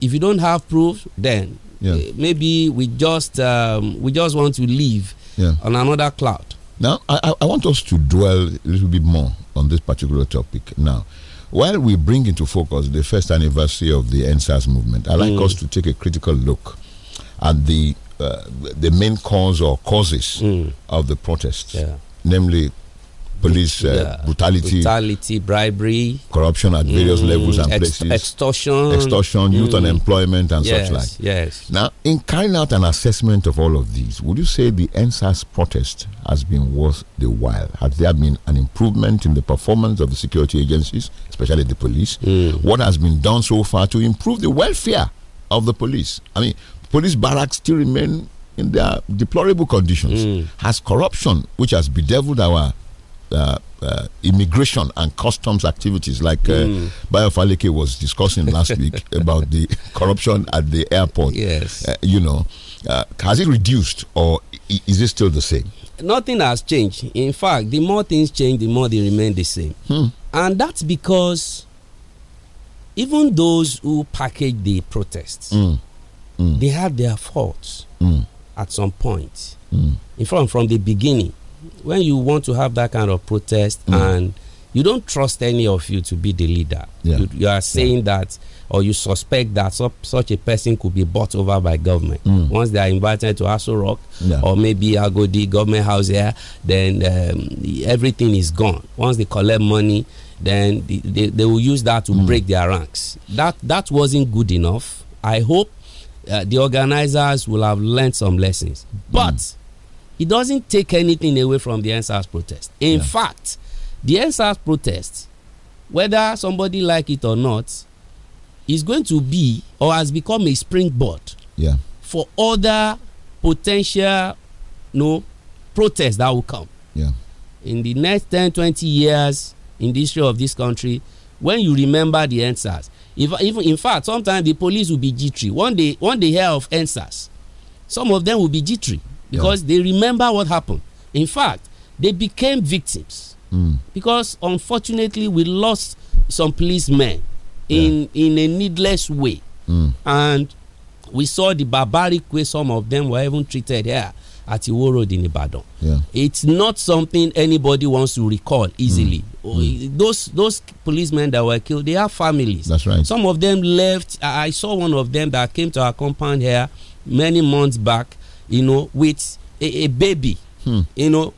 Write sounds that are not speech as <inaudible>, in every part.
if you don't have proof, then yeah. uh, maybe we just um, we just want to live yeah. on another cloud. Now, I, I want us to dwell a little bit more on this particular topic now while we bring into focus the first anniversary of the NSAS movement, I'd like mm. us to take a critical look at the uh, the main cause or causes mm. of the protests, yeah. namely police uh, brutality, brutality, bribery, corruption at various mm, levels and ex places, extortion, extortion, youth mm. unemployment, and yes, such like. Yes. Now, in carrying out an assessment of all of these, would you say the NSAS protest has been worth the while? Has there been an improvement in the performance of the security agencies, especially the police? Mm. What has been done so far to improve the welfare of the police? I mean, police barracks still remain in their deplorable conditions. Mm. Has corruption, which has bedeviled our uh, uh, immigration and customs activities, like uh, mm. was discussing last week <laughs> about the corruption at the airport. Yes, uh, you know, uh, has it reduced or is it still the same? Nothing has changed. In fact, the more things change, the more they remain the same. Hmm. And that's because even those who package the protests, mm. Mm. they had their faults hmm. at some point. Hmm. In fact, from the beginning, when you want to have that kind of protest mm. and you don't trust any of you to be the leader. Yeah. You, you, are saying yeah. that, or you suspect that such a person could be bought over by government. Mm. Once they are invited to Aso Rock yeah. or maybe Agodi government house here, then um, everything is gone. Once they collect money, then they, they, they will use that to mm. break their ranks. That that wasn't good enough. I hope uh, the organizers will have learned some lessons, but. Mm it doesn't take anything away from the NSAS protest. In yeah. fact, the NSAS protest, whether somebody like it or not, is going to be or has become a springboard yeah. for other potential you no know, protests that will come. Yeah. In the next 10, 20 years in the history of this country, when you remember the answers, if, if, in fact, sometimes the police will be jittery. One day, one day hear of answers, some of them will be jittery because yeah. they remember what happened. In fact, they became victims mm. because unfortunately we lost some policemen in yeah. in a needless way, mm. and we saw the barbaric way some of them were even treated here at Iwo Road in Ibadan. Yeah. It's not something anybody wants to recall easily. Mm. Oh, mm. Those those policemen that were killed, they have families. That's right. Some of them left. I saw one of them that came to our compound here many months back you know, with a, a baby, hmm. you know,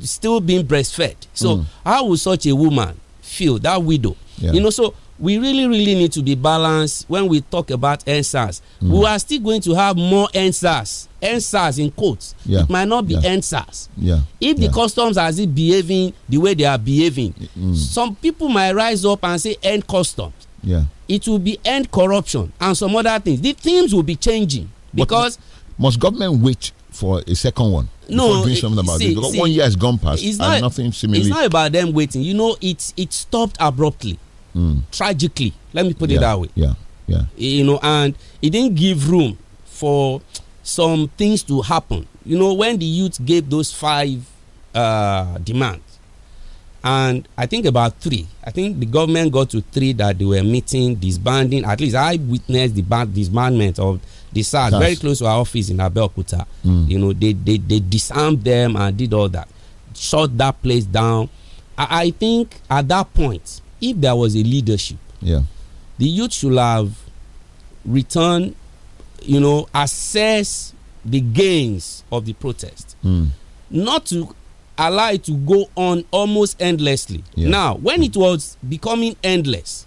still being breastfed. So, hmm. how would such a woman feel, that widow? Yeah. You know, so we really, really need to be balanced when we talk about answers. Hmm. We are still going to have more answers, answers in quotes. Yeah. It might not be yeah. answers. Yeah. If the customs are still behaving the way they are behaving, mm. some people might rise up and say, end customs. Yeah. It will be end corruption and some other things. The themes will be changing because. Must government wait for a second one? No, doing it, eh, something about see, this. See, one year has gone past it's not, nothing It's not about them waiting. You know, it it stopped abruptly, mm. tragically. Let me put yeah, it that way. Yeah, yeah. You know, and it didn't give room for some things to happen. You know, when the youth gave those five uh, and I think about three. I think the government got to three that they were meeting, disbanding. At least I witnessed the disbandment of the SARS very close to our office in Abeokuta. Mm. You know, they, they they disarmed them and did all that, shut that place down. I, I think at that point, if there was a leadership, yeah, the youth should have returned, you know, assess the gains of the protest, mm. not to Allowed to go on almost endlessly. Now, when it was becoming endless,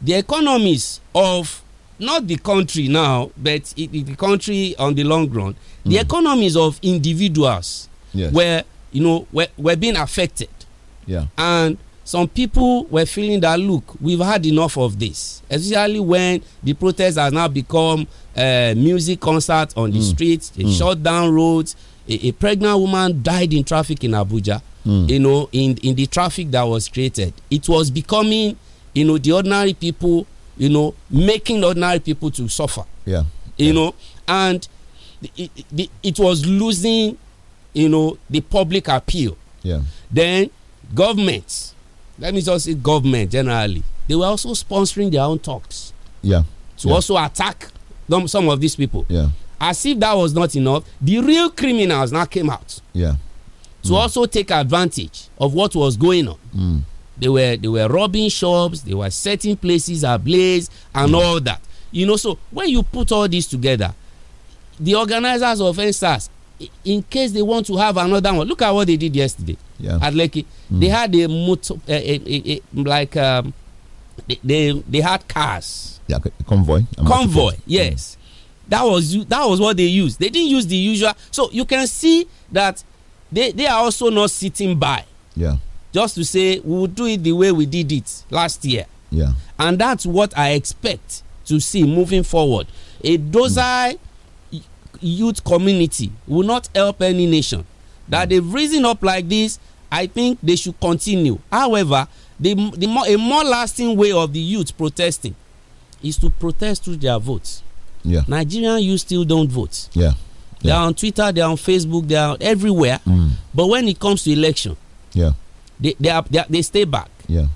the economies of not the country now, but the country on the long run, mm. the hmm. economies of individuals yes. were, you know, were, were being affected. Yeah. And some people were feeling that look, we've had enough of this, especially when the protest has now become a uh, music concert on the mm. streets, they mm. shut down roads, a, a pregnant woman died in traffic in Abuja. Mm. You know, in in the traffic that was created, it was becoming, you know, the ordinary people, you know, making ordinary people to suffer. Yeah. You yeah. know, and it, it, it was losing, you know, the public appeal. Yeah. Then governments, let me just say government generally, they were also sponsoring their own talks. Yeah. To yeah. also attack some of these people. Yeah. As if that was not enough, the real criminals now came out. Yeah. To mm. also take advantage of what was going on. Mm. They were they were robbing shops, they were setting places ablaze and mm. all that. You know, so when you put all this together, the organizers of NSAS, in case they want to have another one, look at what they did yesterday yeah. at Lekki. Mm. They had a, motor, a, a, a, like um, they, they, they had cars. Yeah, convoy. convoy. Yes that was that was what they used they didn't use the usual so you can see that they they are also not sitting by yeah just to say we will do it the way we did it last year yeah and that's what i expect to see moving forward a docile mm. youth community will not help any nation that mm. they've risen up like this i think they should continue however the, the more, a more lasting way of the youth protesting is to protest through their votes yeah. Nigerian you still don't vote. Yeah. yeah. They're on Twitter, they're on Facebook, they're everywhere. Mm. But when it comes to election, yeah, they they, are, they, are, they stay back. Yeah.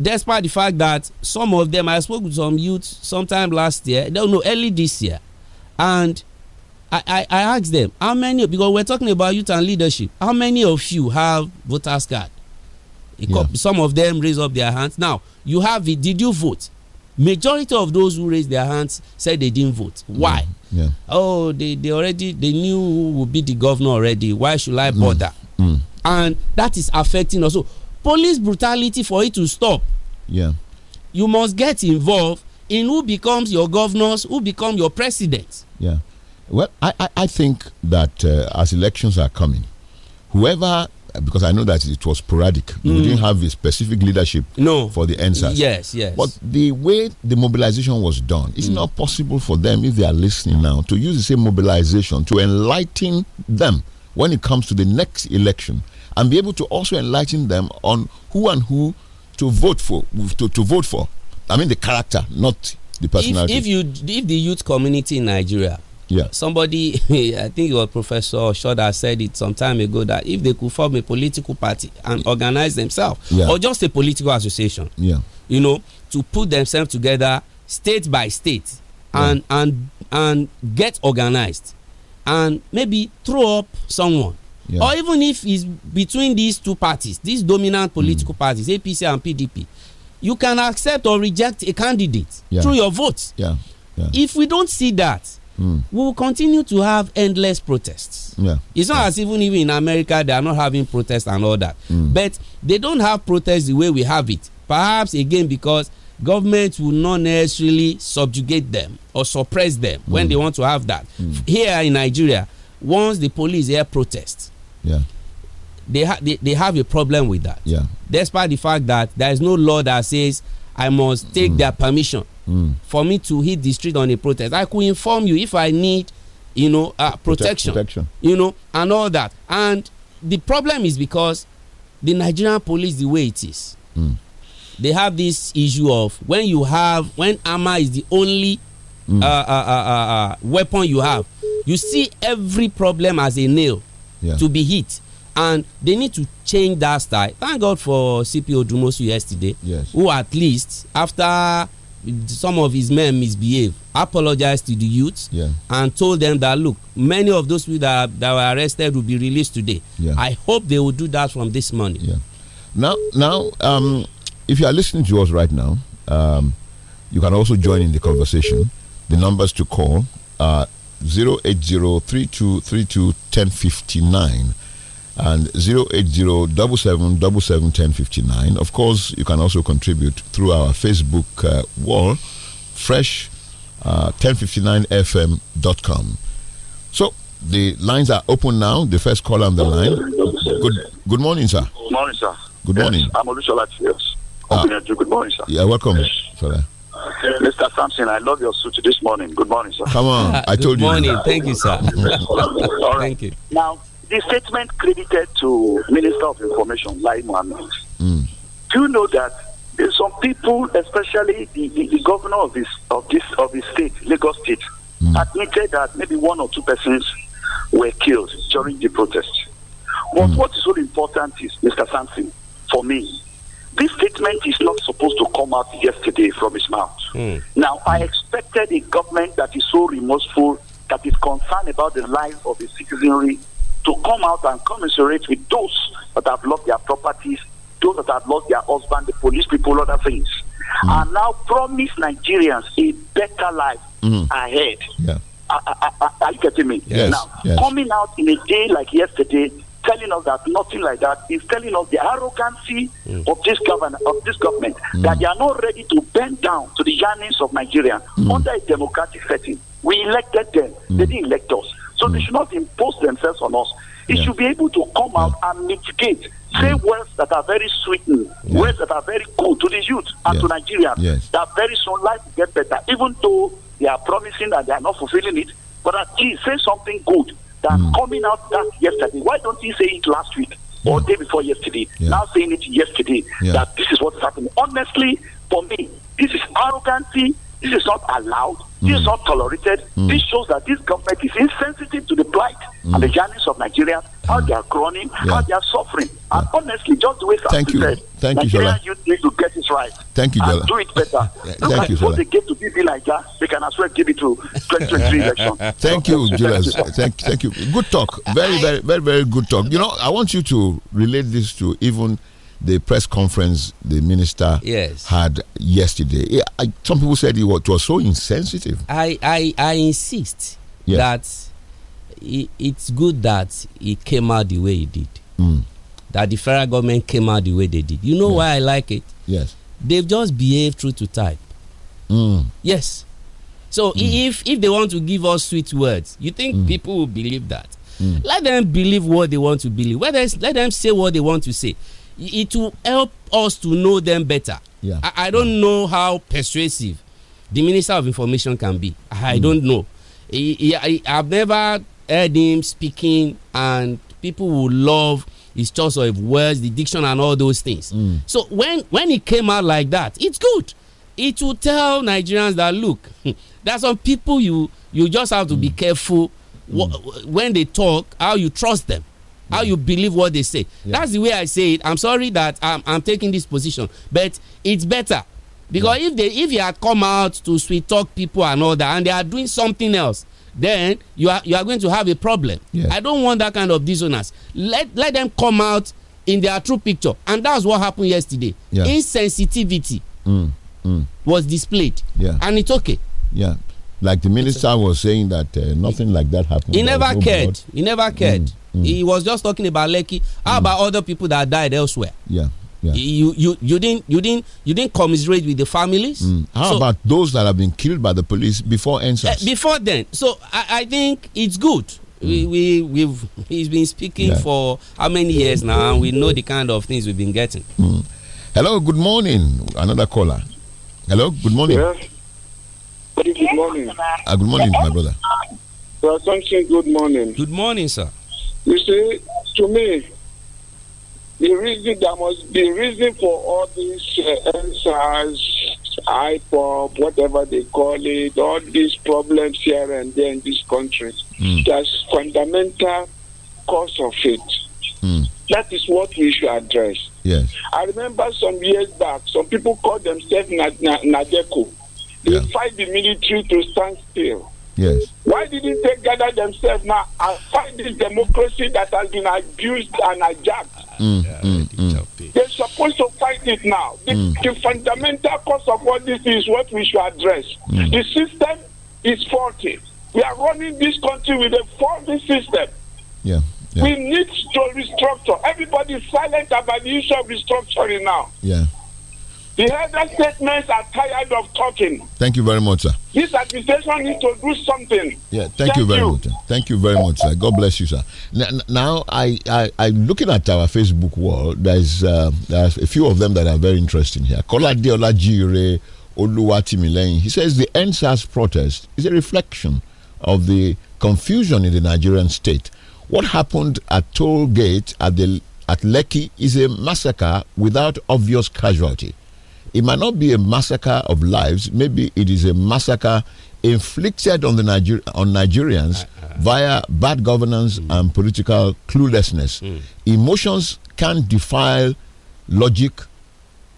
Despite the fact that some of them, I spoke with some youth sometime last year, don't know, early this year, and I, I, I asked them, how many, because we're talking about youth and leadership, how many of you have voters card? Yeah. Some of them raise up their hands. Now, you have it, did you vote? majority of those who raised their hands said they didn't vote mm, why Yeah. oh they, they already they knew who would be the governor already why should i mm, bother mm. Mm. and that is affecting also police brutality for it to stop yeah you must get involved in who becomes your governors who become your presidents yeah well i i, I think that uh, as elections are coming whoever because I know that it was sporadic. Mm. We didn't have a specific leadership no. for the answers. Yes, yes. But the way the mobilization was done, it's mm. not possible for them, if they are listening now, to use the same mobilization to enlighten them when it comes to the next election and be able to also enlighten them on who and who to vote for to, to vote for. I mean the character, not the personality. If, if you if the youth community in Nigeria yeah. Somebody, <laughs> I think your Professor Shoda said it some time ago that if they could form a political party and organize themselves, yeah. or just a political association, yeah. you know, to put themselves together state by state and yeah. and and get organized and maybe throw up someone yeah. or even if it's between these two parties these dominant hmm. political mm. parties apc and pdp you can accept or reject a candidate yeah. through your votes. yeah. if we don't see that Mm. we will continue to have endless protests. Yeah. It's not yeah. as even even in America they are not having protests and all that. Mm. But they don't have protests the way we have it. Perhaps again because governments will not necessarily subjugate them or suppress them mm. when they hmm. want to have that. Hmm. Here in Nigeria, once the police hear protests, yeah. they, ha they, they have a problem with that. Despite the fact that there is no law that says I must take hmm. their permission mm. for me to hit the street on a protest. I could inform you if I need, you know, uh, protection, protection, you know, and all that. And the problem is because the Nigerian police, the way it is, mm. they have this issue of when you have when armor is the only mm. uh, uh, weapon you have, you see every problem as a nail yeah. to be hit and they need to change that style thank god for cpo dumosu yesterday yes. who at least after some of his men misbehaved, apologized to the youths yeah. and told them that look, many of those people that, that were arrested will be released today. Yeah. I hope they will do that from this morning. Yeah. Now, now, um, if you are listening to us right now, um, you can also join in the conversation. The numbers to call are 080 3232 1059 and 80 Of course, you can also contribute through our Facebook uh, wall, fresh 1059fm.com. Uh, so the lines are open now. The first caller on the line. Good good morning, sir. Good morning, sir. Good yes, morning. I'm Olushola Tears. Ah. Good morning, sir. Yeah, welcome, sir. Mr. Sampson, I love your suit this morning. Good morning, sir. Come on, I told good you. Good morning. Thank you, sir. <laughs> All right. Thank you. Now, the statement credited to Minister of Information, Lai Mohammed. Mm. Do you know that some people, especially the, the, the, governor of this of this of the state, Lagos State, mm. admitted that maybe one or two persons were killed during the protest. But mm. what is so important is, Mr. Sampson, for me, this statement is not supposed to come out yesterday from his mouth. Mm. Now, I expected a government that is so remorseful, that is concerned about the lives of the citizenry to come out and commiserate with those that have lost their properties, those that have lost their husband, the police people, other things. Mm. And now promise Nigerians a better life mm. ahead. Yeah. Are, you getting me? Yes, now, yes. coming out in a day like yesterday, telling us that nothing like that is telling us the arrogancy mm. of this government, of this government that they are not ready to bend down to the yearnings of Nigeria hmm. under a democratic setting. We elected them; they hmm. didn't elect us so mm. they hmm. should not impose themselves on us. It yeah. should be able to come out yeah. and mitigate, say hmm. words that are very sweetened, yeah. words that are very cool to the youth and to Nigerians, yes. that very soon life will get better, even though they are promising that they are not fulfilling it. But at least say something good that mm. coming out that yesterday. Why don't you say it last week or day before yesterday? Now saying it yesterday that this is what's happening. Honestly, for me, this is arrogancy this is not allowed. Mm. This is hmm. not tolerated. Mm. This shows that this government is insensitive to the plight mm. and the journeys hmm. of Nigerians, how hmm. they are groaning, yeah. how they are suffering. Yeah. And honestly, just the way Thank you. Said, Thank Nigeria you, Shola. need to get it right. Thank you, Jola. do it better. <laughs> Thank you, Jola. they get to BB like that, they can as well give it to 2023 <laughs> election. Thank you, Jola. thank, thank you. Good talk. Very, very, very, very good talk. You know, I want you to relate this to even the press conference the minister yes. had yesterday. I, some people said it was, was so insensitive. I, I, I insist yes. that it's good that it came out the way it did. Mm. That the federal government came out the way they did. You know yes. why I like it? Yes. They've just behaved true to type. Mm. Yes. So mm. if if they want to give us sweet words, you think mm. people will believe that? Mm. Let them believe what they want to believe. let them say what they want to say it will help us to know them better. Yeah. I, I don't yeah. know how persuasive the Minister of Information can be. I mm. don't know. He, he, I, I've never heard him speaking, and people will love his choice of words, the diction, and all those things. Mm. So when when it came out like that, it's good. It will tell Nigerians that look, <laughs> there's some people you you just have to mm. be careful mm. when they talk, how you trust them how you believe what they say yeah. that's the way i say it i'm sorry that I'm, I'm taking this position but it's better because yeah. if they if you had come out to sweet talk people and all that and they are doing something else then you are you are going to have a problem yeah. i don't want that kind of dishonest. let let them come out in their true picture and that's what happened yesterday insensitivity mm, mm. was displayed and it's okay yeah like the minister was saying that uh, nothing he, like that happened. He never cared. Blood. He never mm, cared. Mm, mm. He was just talking about Lekki. How mm. about other people that died elsewhere? Yeah. Yeah. You, you you didn't you didn't you didn't commiserate with the families. Mm. How so, about those that have been killed by the police before eh, answers? Uh, before then, so I, I think it's good. Mm. We, we we've he's been speaking yeah. for how many years now, and we know the kind of things we've been getting. Mm. Hello, good morning. Another caller. Hello, good morning. Yes. Good morning. Uh, good morning, my brother. Well, something good morning. Good morning, sir. You see, to me, the reason that must be reason for all these uh, answers, IPOP, whatever they call it, all these problems here and there in this country, mm. that's fundamental cause of it. Mm. That is what we should address. Yes. I remember some years back, some people called themselves Nadeco. They yeah. fight the military to stand still. Yes. Why didn't they gather themselves now and fight this democracy that has been abused and hijacked? Mm, mm, mm. They're supposed to fight it now. The, mm. the, fundamental cause of what this is what we should address. Mm. The system is faulty. We are running this country with a faulty system. Yeah, yeah. We need to restructure. Everybody silent about the issue of restructuring now. Yeah. The elder statements are tired of talking. Thank you very much, sir. This administration needs to do something. Yeah, thank, thank you very you. much. Thank you very much, sir. God bless you, sir. Now, I, I, I'm looking at our Facebook wall. There's, uh, there's a few of them that are very interesting here. Kolade Olajire Oluwatimileyin. He says the NSAS protest is a reflection of the confusion in the Nigerian state. What happened at toll gate at the at Lekki is a massacre without obvious casualty. It might not be a massacre of lives. Maybe it is a massacre inflicted on the Niger on Nigerians uh, uh, via bad governance mm. and political cluelessness. Mm. Emotions can't defile logic,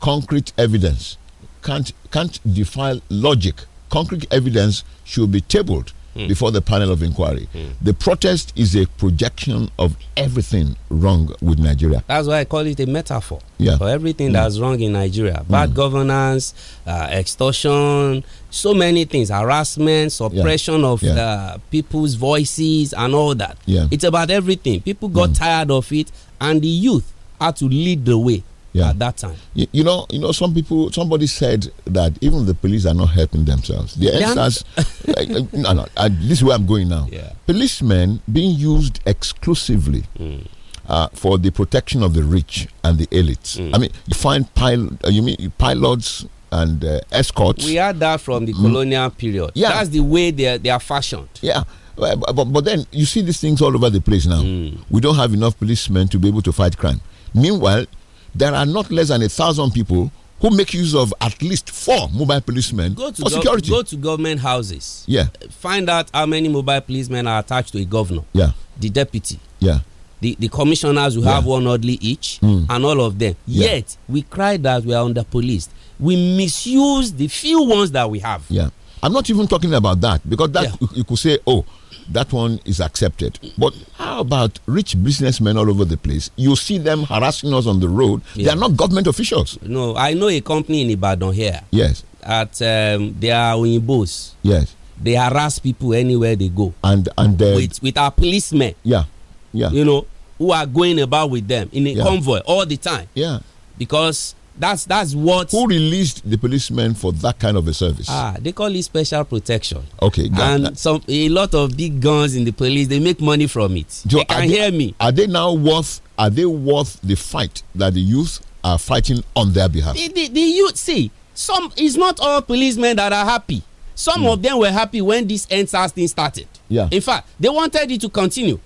concrete evidence. Can't can't defile logic. Concrete evidence should be tabled mm. before the panel of inquiry. Mm. The protest is a projection of everything wrong with Nigeria. That's why I call it a metaphor yeah. for everything mm. that's wrong in Nigeria bad hmm. governance, uh, extortion, so many things, harassment, suppression yeah. of yeah. Uh, people's voices, and all that. Yeah. It's about everything. People got hmm. tired of it, and the youth had to lead the way yeah. at that time. You, you, know, you know, some people, somebody said that even the police are not helping themselves. The answers, like, no, no, I, this is where I'm going now. Yeah. Policemen being used exclusively. Mm. Uh, for the protection of the rich and the elites. Mm. I mean, you find pil- uh, you mean pilots and uh, escorts. We had that from the mm. colonial period. Yeah. That's the way they are, they are fashioned. Yeah. But, but, but then you see these things all over the place now. Mm. We don't have enough policemen to be able to fight crime. Meanwhile, there are not less than a thousand people who make use of at least four mobile policemen go to for security. Go to government houses. Yeah. Find out how many mobile policemen are attached to a governor. Yeah. The deputy. Yeah. The, the commissioners who yeah. have one oddly each mm. and all of them. Yeah. Yet we cry that we are under police. We misuse the few ones that we have. Yeah. I'm not even talking about that because that yeah. you could say, oh, that one is accepted. But how about rich businessmen all over the place? You see them harassing us on the road. Yeah. They are not government officials. No, I know a company in Ibadan here. Yes. At um, they are Oyinbos. Yes. They harass people anywhere they go. And and uh, with with our policemen. Yeah, yeah. You know who are going about with them in a yeah. convoy all the time. Yeah. Because that's that's what. Who released the policemen for that kind of a service? Ah, they call it special protection. Okay, and that. some a lot of big guns in the police. They make money from it. So can they, hear me. Are they now worth? Are they worth the fight that the youth are fighting on their behalf? The, the, the youth see some. It's not all policemen that are happy. Some mm. of them were happy when this NSAS thing started. Yeah. In fact, they wanted it to continue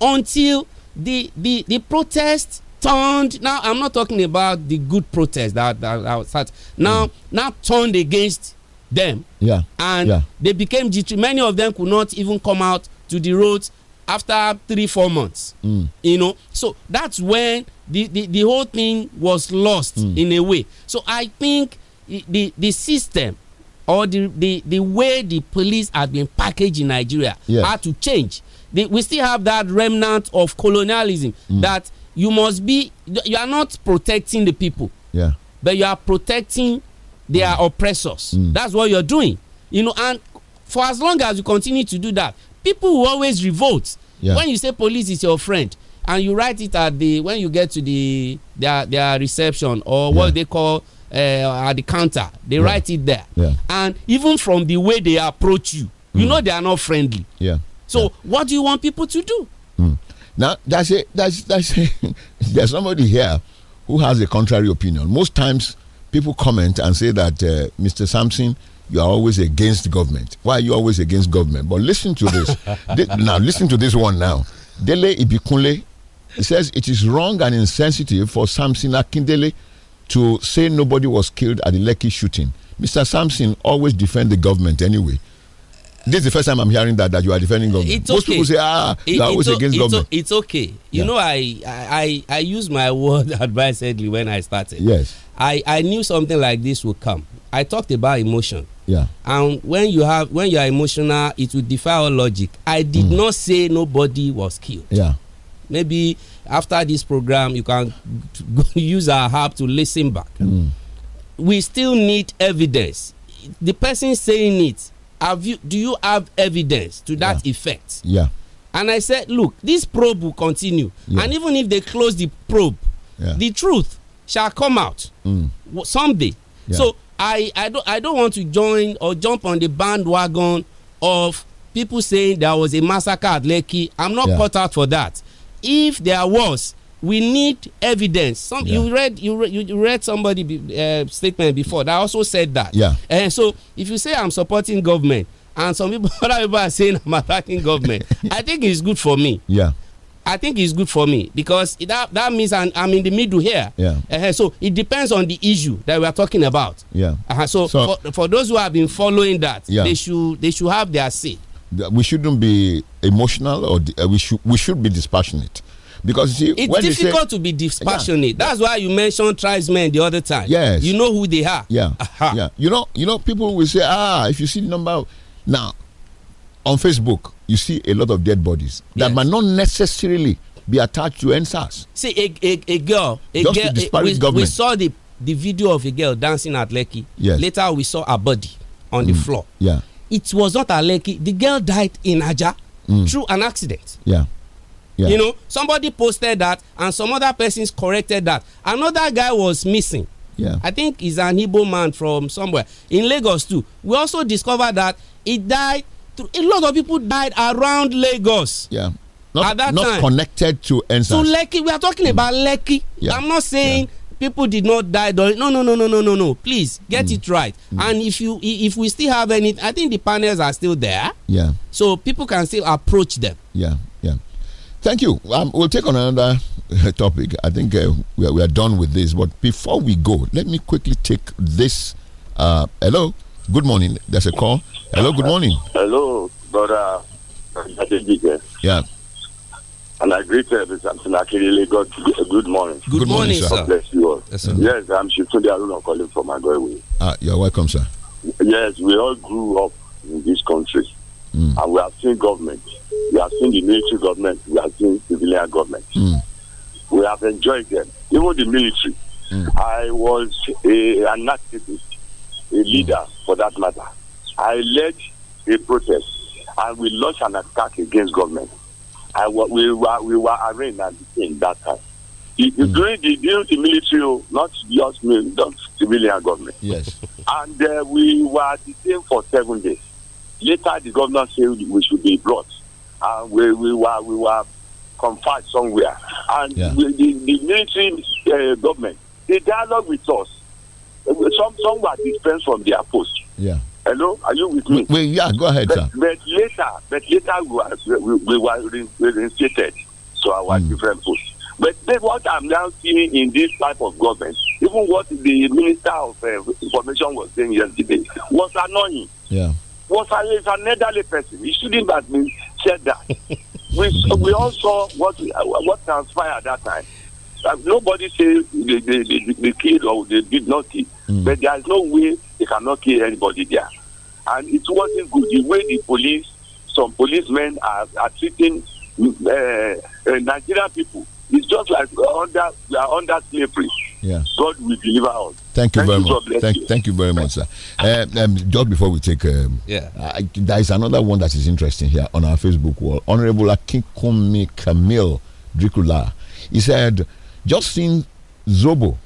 until the the the protest turned now i'm not talking about the good protest that that, that start now mm. now turned against them yeah and yeah. they became jittery many of them could not even come out to the roads after three four months mm. you know so that's when the, the the whole thing was lost mm. in a way so i think the the system or the the, the way the police has been packaged in nigeria yes. had to change we still have that remnant of colonialism mm. that you must be you are not protecting the people yeah but you are protecting their mm. oppressors mm. that's what you're doing you know and for as long as you continue to do that people will always revolt yeah. when you say police is your friend and you write it at the when you get to the their their reception or what yeah. they call uh, at the counter they yeah. write it there and even from the way they approach you you mm. know they are not friendly yeah so what do you want people to do mm. Now that's it. That's that's it. <laughs> there's somebody here who has a contrary opinion. Most times people comment and say that uh, Mr. Sampson, you are always against government. Why are you always against government? But listen to this. <laughs> now listen to this one now. Dele Ibikunle he says it is wrong and insensitive for Samson Akindele to say nobody was killed at the Lekki shooting. Mr. Sampson always defend the government anyway. This is the first time I'm hearing that that you are defending government. It's Most okay. people say, ah, it, you are always against it's government. it's okay. You yeah. know, I, I I use my <laughs> word advisedly when I started. Yes. I, I knew something like this would come. I talked about emotion. Yeah. And when you have when you are emotional, it will defy all logic. I did mm. not say nobody was killed. Yeah. Maybe after this program, you can <laughs> use our app to listen back. Mm. We still need evidence. The person saying it have you do you have evidence to that yeah. effect yeah and i said look this probe will continue yeah. and even if they close the probe yeah. the truth shall come out mm. someday so i i don't i don't want to join or jump on the bandwagon of people saying there was a massacre at lekki i'm not cut out for that if there was we need evidence. Some yeah. you read you read, you read somebody be, uh, statement before that also said that. Yeah. And eh, so if you say I'm supporting government and some people <laughs> other people are saying I'm attacking government, <laughs> I think it's good for me. Yeah. I think it's good for me because that that means I'm, I'm in the middle here. Yeah. Uh, so it depends on the issue that we are talking about. Yeah. Uh, so, so for, for, those who have been following that, yeah. they should they should have their say. We shouldn't be emotional, or uh, we should we should be dispassionate because you see, it's difficult say, to be dispassionate. Yeah. That's why you mentioned tribesmen the other time. Yes, you know who they are. Yeah, Aha. yeah. You know, you know, people will say, ah, if you see the number now on Facebook, you see a lot of dead bodies yes. that might not necessarily be attached to NSAS. See, a, a, a girl, a Just girl, a, we, government. we saw the the video of a girl dancing at Lekki. Yes. Later, we saw her body on mm. the floor. Yeah. It was not a Lekki. The girl died in Aja mm. through an accident. Yeah yeah. You know, somebody posted that and some other persons corrected that. Another guy was missing. Yeah. I think he's an Igbo man from somewhere in Lagos too. We also discovered that he died. A lot of people died around Lagos. Yeah. Not, At that not time, connected to answers. So, Lucky, we are talking mm. about Lucky. Yeah. I'm not saying yeah. people did not die. No, no, no, no, no, no, no. Please get mm. it right. Mm. And if you, if we still have any, I think the panels are still there. Yeah. So people can still approach them. Yeah. Thank you. Um, we'll take on another uh, topic. I think uh, we, are, we, are, done with this. But before we go, let me quickly take this. Uh, hello. Good morning. There's a call. Hello. Good morning. Hello, brother. Yeah. And I greet everybody. Mr. Sinakiri God, good morning. Good, good morning, morning, sir. God bless you all. Yes, sir. yes I'm Shifundi Aruna calling from Ah, you're welcome, sir. Yes, we all grew up in this country. Mm. And we have seen government we have seen the military government, we have seen civilian government. Mm. We have enjoyed them, even the military. Mm. I was a, an activist, a leader mm. for that matter. I led a protest and we launched an attack against government. I, we, were, we were arraigned and detained that time. mm. During the, during the military, oh, not just the civilian government. Yes. And uh, we were detained for seven days. Later, the governor said we should be brought and ah, we, we were we were confined somewhere. And yeah. the, the military uh, government, they dialogue with us. Uh, some some were dispensed from their post. Yeah. Hello, are you with me? Well, yeah, go ahead, but, sir. But later, but later we were, we, we were reinstated to our mm. different post. But what I'm now seeing in this type of government, even what the Minister of uh, Information was saying yesterday, was annoying. Yeah. Was a, is an elderly person. He shouldn't have been said that. <laughs> we, we all saw what, what transpired that time. Uh, nobody say they, they, they, they killed or they did not kill, mm. but there is no way they cannot kill anybody there. And it wasn't good the way the police, some policemen are, are treating uh, uh, Nigerian people it's just like we are under we are under slavery. Yeah. God will deliver us. Thank you very much. Thank, you. thank you very much, sir. Uh, um, just before we take, um, yeah, uh, there is another one that is interesting here on our Facebook wall. Honorable Akinkunmi Camille Dricula, he said, just seen Zobo,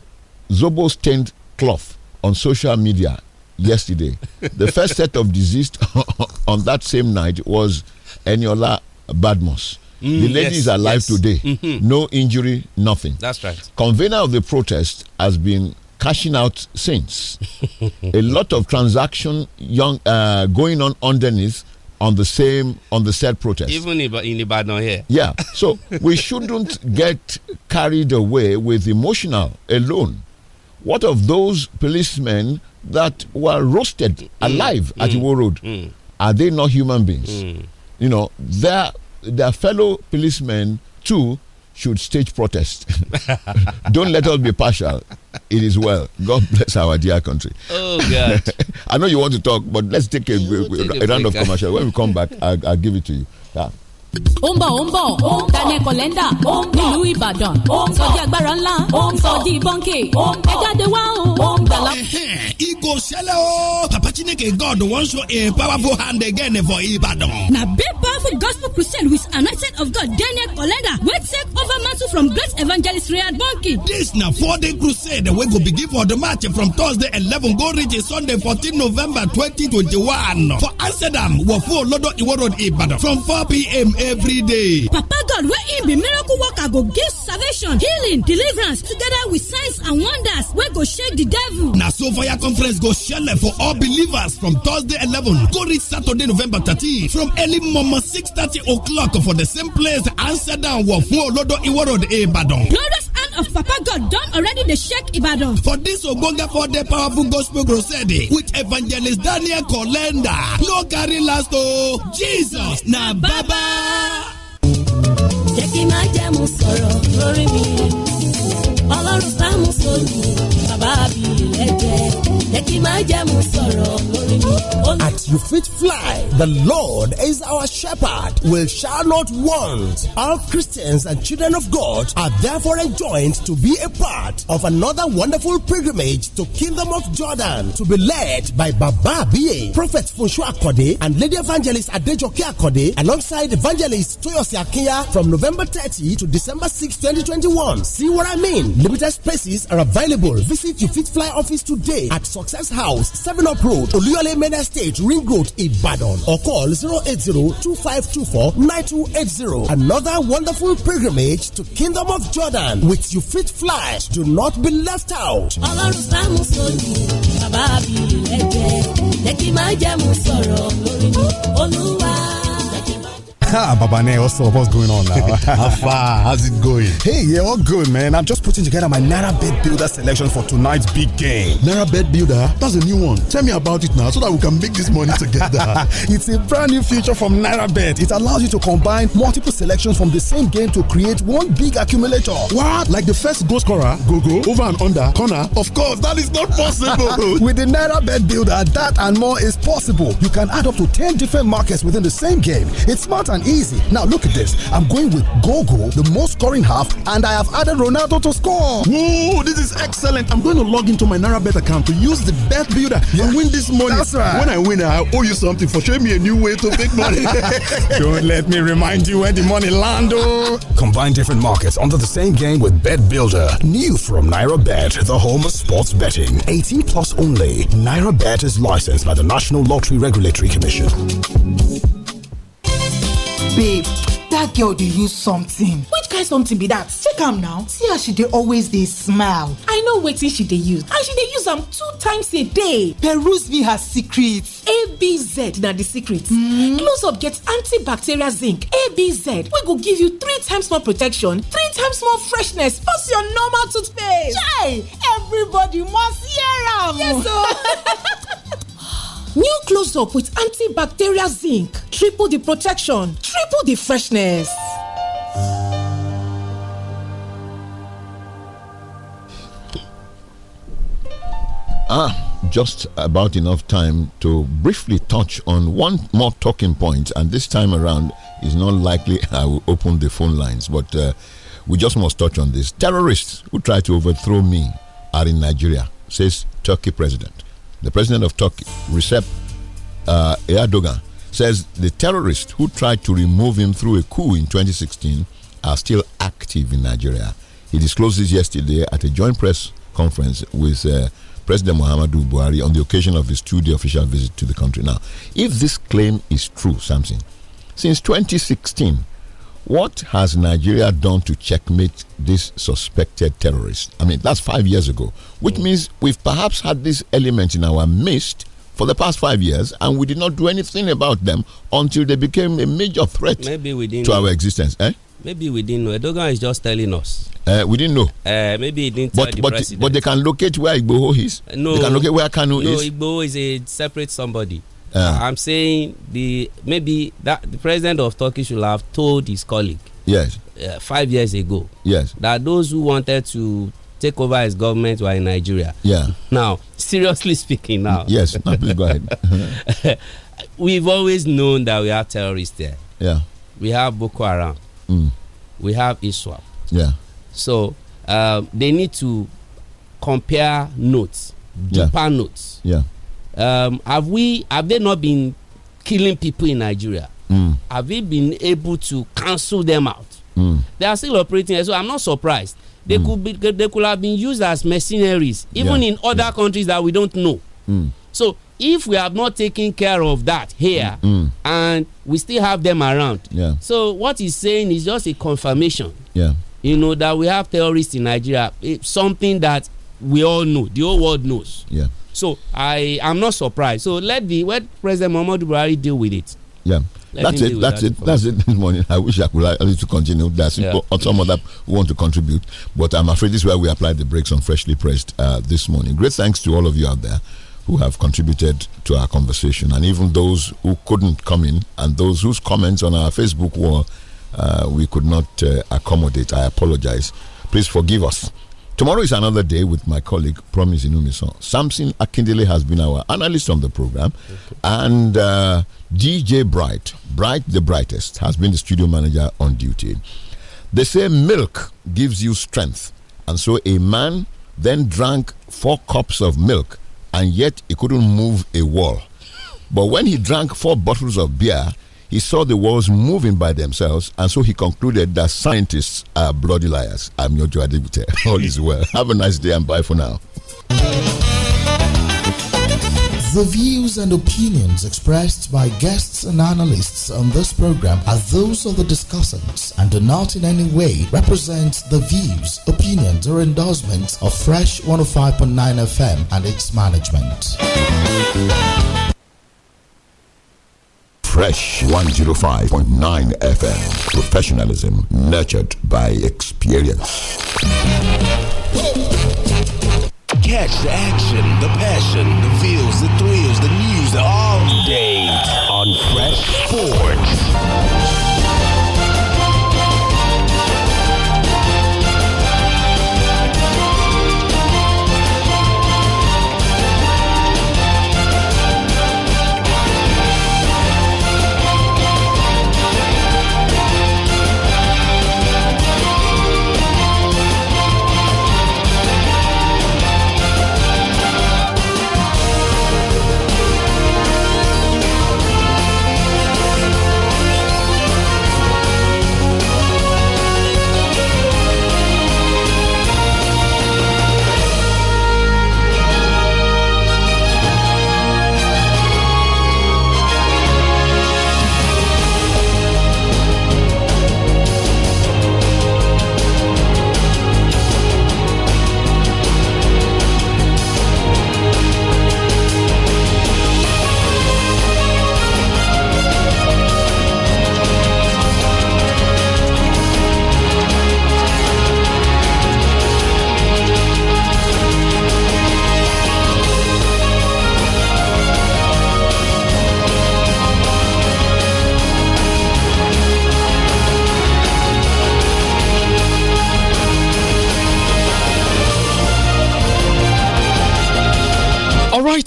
Zobo stained cloth on social media yesterday. the first set of deceased <laughs> on that same night was Eniola Badmos. Mm, the lady yes, is alive yes. today. -hmm. No injury, nothing. That's right. Convener of the protest has been cashing out since. <laughs> a lot of transaction young uh, going on underneath on the same on the said protest. Even in, in Ibadan here. Yeah. So we shouldn't get carried away with emotional alone. What of those policemen that were roasted mm, alive mm, at Iwo Road? Mm. Are they not human beings? Mm. You know, their their fellow policemen too should stage protest. <laughs> Don't let us be partial. It is well. God bless our dear country. Oh God! <laughs> I know you want to talk, but let's take a, we'll a, take a, a round break. of commercial. When we come back, I'll, I'll give it to you. Yeah. ó ń bọ̀ ó ń bọ̀ daniel kọlẹ́ndà nílùú ìbàdàn sọjí agbára ńlá sọjí bọ́ńkè ẹ jáde wá o gbàlá. Igo ṣẹlẹ̀ o. Papa Chineke God wan show a powerful hand again for Ibadan. Na big powerful gospel crusade with anointing of God Daniel Koleda wey take over mantle from great evangelist Riyad Monkey. Dis na four day crusade wey go begin for the march from Thursday eleven go reach Sunday fourteen November twenty twenty one for Amsterdam Wofo Olodo Iwo Road Ibadan from four pm every day. papa god wey im be miracle worker go give salvation healing deliverance together with signs and wonders wey go shake the devil. na so fire conference go shele for all believers from thursday eleven go reach saturday november thirteen from early momo six thirty o'clock for the same place answer down wọ fún olodo iwo road ibadan. glorious hand of papa god don already dey shake ibadan. for this ogbonge for the powerful gospel crusade with evangelist daniel kolenda no carry last o oh, jesus na baba jẹ́ kí má jẹ́ mu sọ̀rọ̀ lórí mi ọlọ́run sáà mú sómi. At your feet fly, the Lord is our shepherd, we shall not want. All Christians and children of God are therefore enjoined to be a part of another wonderful pilgrimage to Kingdom of Jordan to be led by Baba Abiye, Prophet Funshu Akode, and Lady Evangelist Adejoke Akode, alongside Evangelist Toyosi Akia, from November 30 to December 6, 2021. See what I mean? Limited spaces are available. Visit if you fit fly office today at Success House, 7 Up Road, Oluyole Main Estate, Ring Road, Ibadan. Or call 080-2524-9280. Another wonderful pilgrimage to Kingdom of Jordan with you fit fly. Do not be left out. Ah, Babane, what's up? What's going on now? <laughs> How far? How's it going? Hey, yeah, all good, man. I'm just putting together my Naira Bed Builder selection for tonight's big game. Naira Bed Builder? That's a new one. Tell me about it now so that we can make this money together. <laughs> it's a brand new feature from Naira Bet. It allows you to combine multiple selections from the same game to create one big accumulator. What? Like the first goal scorer, go go, over and under, corner? Of course, that is not possible. <laughs> With the Naira Bet Builder, that and more is possible. You can add up to 10 different markets within the same game. It's smart and and easy. Now look at this. I'm going with Gogo, the most scoring half, and I have added Ronaldo to score. Whoa, this is excellent. I'm going to log into my NaraBet account to use the bet builder yeah. win this money. That's right. When I win, I owe you something for showing me a new way to make money. <laughs> Don't let me remind you where the money lando. Oh. Combine different markets under the same game with Bet Builder. New from NaraBet, the home of sports betting. 18 plus only. NaraBet is licensed by the National Lottery Regulatory Commission. babe dat girl dey use something which kind something be that? check am now see as she dey always dey smile i know wetin she dey use and she dey use am two times a day peruse be her secret abz na the secret hmm? close up get antibacterial zinc abz wey go give you three times more protection three times more freshness plus your normal toothpaste. chai everybody must hear am yes o oh. <laughs> New close up with antibacterial zinc. Triple the protection, triple the freshness. Ah, just about enough time to briefly touch on one more talking point, and this time around is not likely <laughs> I will open the phone lines, but uh, we just must touch on this. Terrorists who try to overthrow me are in Nigeria, says Turkey president the president of Turkey, Recep uh, Erdogan, says the terrorists who tried to remove him through a coup in 2016 are still active in Nigeria. He disclosed this yesterday at a joint press conference with uh, President Muhammadu Buhari on the occasion of his two-day official visit to the country. Now, if this claim is true, something since 2016, what has Nigeria done to checkmate this suspected terrorist? I mean, that's five years ago, which mm. means we've perhaps had this element in our midst for the past five years, and we did not do anything about them until they became a major threat to our existence. Eh? Maybe we didn't know. Erdogan is just telling us. Uh, we didn't know. Uh, maybe he didn't but, but, but they can locate where Igboho is. No. They can locate where Kanu no, is. No, Igboho is a separate somebody. Yeah. I'm saying the maybe that the president of Turkey should have told his colleague. Yes. Uh, five years ago. Yes. That those who wanted to take over his government were in Nigeria. Yeah. Now, <laughs> seriously speaking, now. Yes. No, please go ahead. <laughs> We've always known that we have terrorists there. Yeah. We have Boko Haram. Mm. We have ISWAP. Yeah. So um, they need to compare notes, deeper yeah. notes. Yeah um, have we have they not been killing people in Nigeria? Mm. Have we been able to cancel them out? Mm. They are still operating, so I'm not surprised. They mm. could be they could have been used as mercenaries, even yeah. in other yeah. countries that we don't know. Hmm. So if we have not taken care of that here mm. and we still have them around yeah. so what he's saying is just a confirmation yeah. you know that we have terrorists in nigeria it's eh, something that we all know the whole world knows yeah. So I am not surprised. So let the let President Muhammadu Buhari deal with it. Yeah. Let that's it. That's that it. That's it. This morning, I wish I could allow to continue. There's yeah. people on some other who want to contribute, but I'm afraid this is where we applied the brakes on freshly pressed uh, this morning. Great thanks to all of you out there who have contributed to our conversation, and even those who couldn't come in, and those whose comments on our Facebook wall uh, we could not uh, accommodate. I apologize. Please forgive us Tomorrow is another day with my colleague, Promise Inumison. Samson Akindele has been our analyst on the program. Okay. And uh, DJ Bright, Bright the Brightest, has been the studio manager on duty. They say milk gives you strength. And so a man then drank four cups of milk, and yet he couldn't move a wall. But when he drank four bottles of beer, he saw the walls moving by themselves, and so he concluded that scientists are bloody liars. I'm your Joe Adibute. <laughs> All is well. Have a nice day and bye for now. The views and opinions expressed by guests and analysts on this program are those of the discussants and do not in any way represent the views, opinions, or endorsements of Fresh 105.9 FM and its management. Fresh 105.9 FM. Professionalism nurtured by experience. Catch the action, the passion, the feels, the thrills, the news all day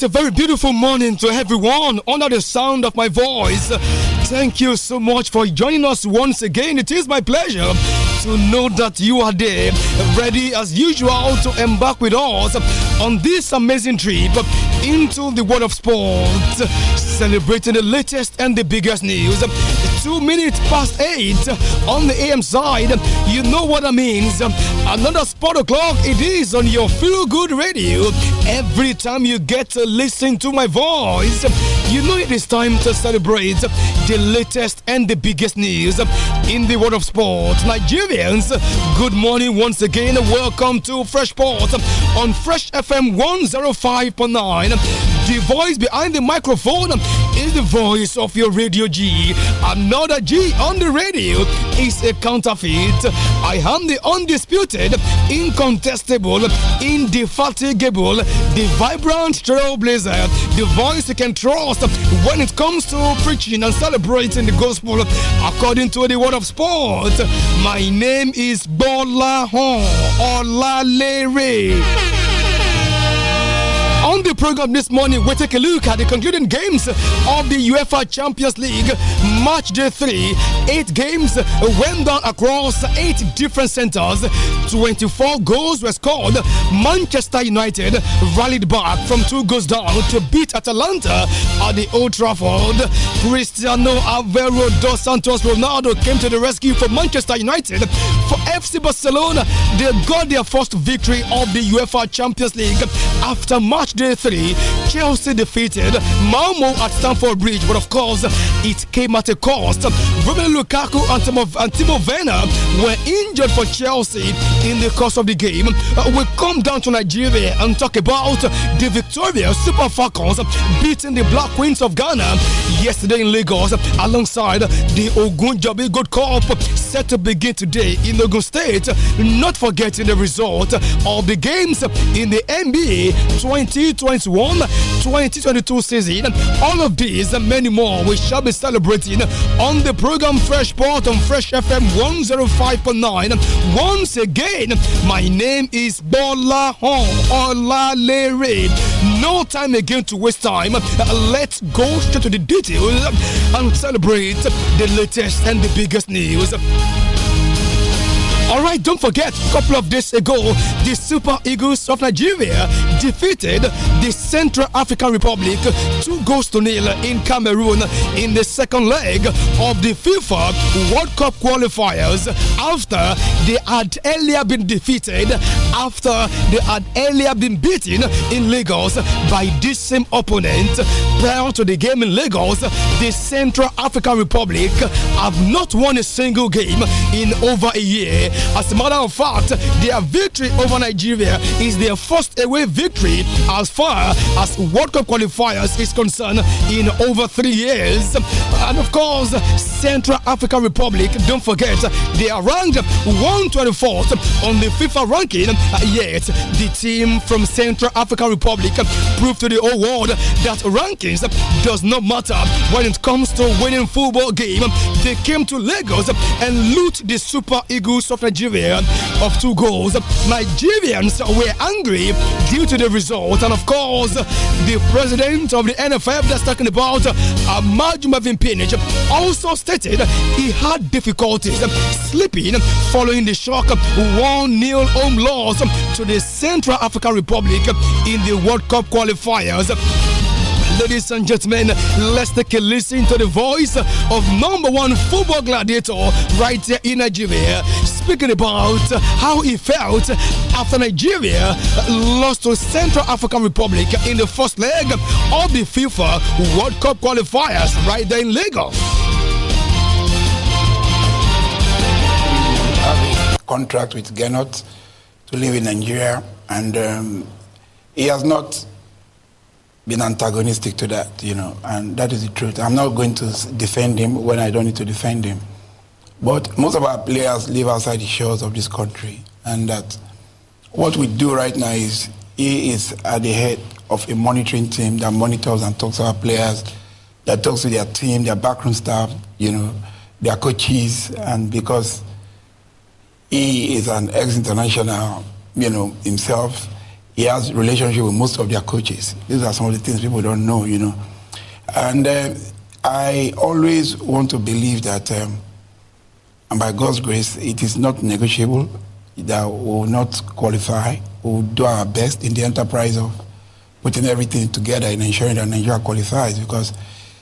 a very beautiful morning to everyone under the sound of my voice. Thank you so much for joining us once again. It is my pleasure to know that you are there, ready as usual to embark with us on this amazing trip into the world of sports, celebrating the latest and the biggest news. Two minutes past eight on the AM side, you know what that means. Another spot o'clock, it is on your feel good radio. Every time you get to listen to my voice, you know it is time to celebrate the latest and the biggest news in the world of sports, Nigerians, good morning once again. Welcome to Fresh Sports on Fresh FM 105.9. The voice behind the microphone is the voice of your radio G. Another G on the radio is a counterfeit. I am the undisputed, incontestable, indefatigable, the vibrant trailblazer, the voice you can trust when it comes to preaching and celebrating the gospel according to the word of sport. My name is Bola Hon Olalere. On the program this morning, we take a look at the concluding games of the UEFA Champions League match day three. Eight games went down across eight different centers. 24 goals were scored. Manchester United rallied back from two goals down to beat Atalanta at the Old Trafford. Cristiano Averro dos Santos Ronaldo came to the rescue for Manchester United. For FC Barcelona, they got their first victory of the UEFA Champions League after match day three, Chelsea defeated Malmo at Stamford Bridge, but of course, it came at a cost. Romelu Lukaku and Timo, and Timo Werner were injured for Chelsea in the course of the game. Uh, we come down to Nigeria and talk about the victorious Super Falcons beating the Black Queens of Ghana yesterday in Lagos alongside the Ogunjobi Good Cup set to begin today in Ogun State. Not forgetting the result of the games in the NBA 2021 2022 season. All of these and many more we shall be celebrating on the program Fresh Port on Fresh FM 105.9. Once again, my name is Bola Hon Olalere. No time again to waste time. Let's go straight to the details and celebrate the latest and the biggest news. All right, don't forget, a couple of days ago, the Super Eagles of Nigeria defeated the Central African Republic two goals to nil in Cameroon in the second leg of the FIFA World Cup qualifiers after they had earlier been defeated, after they had earlier been beaten in Lagos by this same opponent. Prior to the game in Lagos, the Central African Republic have not won a single game in over a year. As a matter of fact, their victory over Nigeria is their first away victory as far as World Cup qualifiers is concerned in over three years. And of course, Central African Republic, don't forget, they are ranked 124th on the FIFA ranking. Yet, the team from Central African Republic proved to the whole world that rankings does not matter when it comes to winning football game. They came to Lagos and loot the Super Eagles of Nigeria of two goals. Nigerians were angry due to the result, and of course, the president of the NFF that's talking about Ahmad uh, Mavin Pinich also stated he had difficulties sleeping following the shock 1 0 home loss to the Central African Republic in the World Cup qualifiers. Ladies and gentlemen, let's take a listen to the voice of number one football gladiator right here in Nigeria, speaking about how he felt after Nigeria lost to Central African Republic in the first leg of the FIFA World Cup qualifiers right there in Lagos. contract with Gennot to live in Nigeria, and um, he has not been antagonistic to that, you know, and that is the truth. I'm not going to defend him when I don't need to defend him. But most of our players live outside the shores of this country, and that what we do right now is he is at the head of a monitoring team that monitors and talks to our players, that talks to their team, their backroom staff, you know, their coaches, and because he is an ex-international, you know, himself, he has relationship with most of their coaches. These are some of the things people don't know, you know. And uh, I always want to believe that, um, and by God's grace, it is not negotiable that we will not qualify. We will do our best in the enterprise of putting everything together and ensuring that Nigeria qualifies because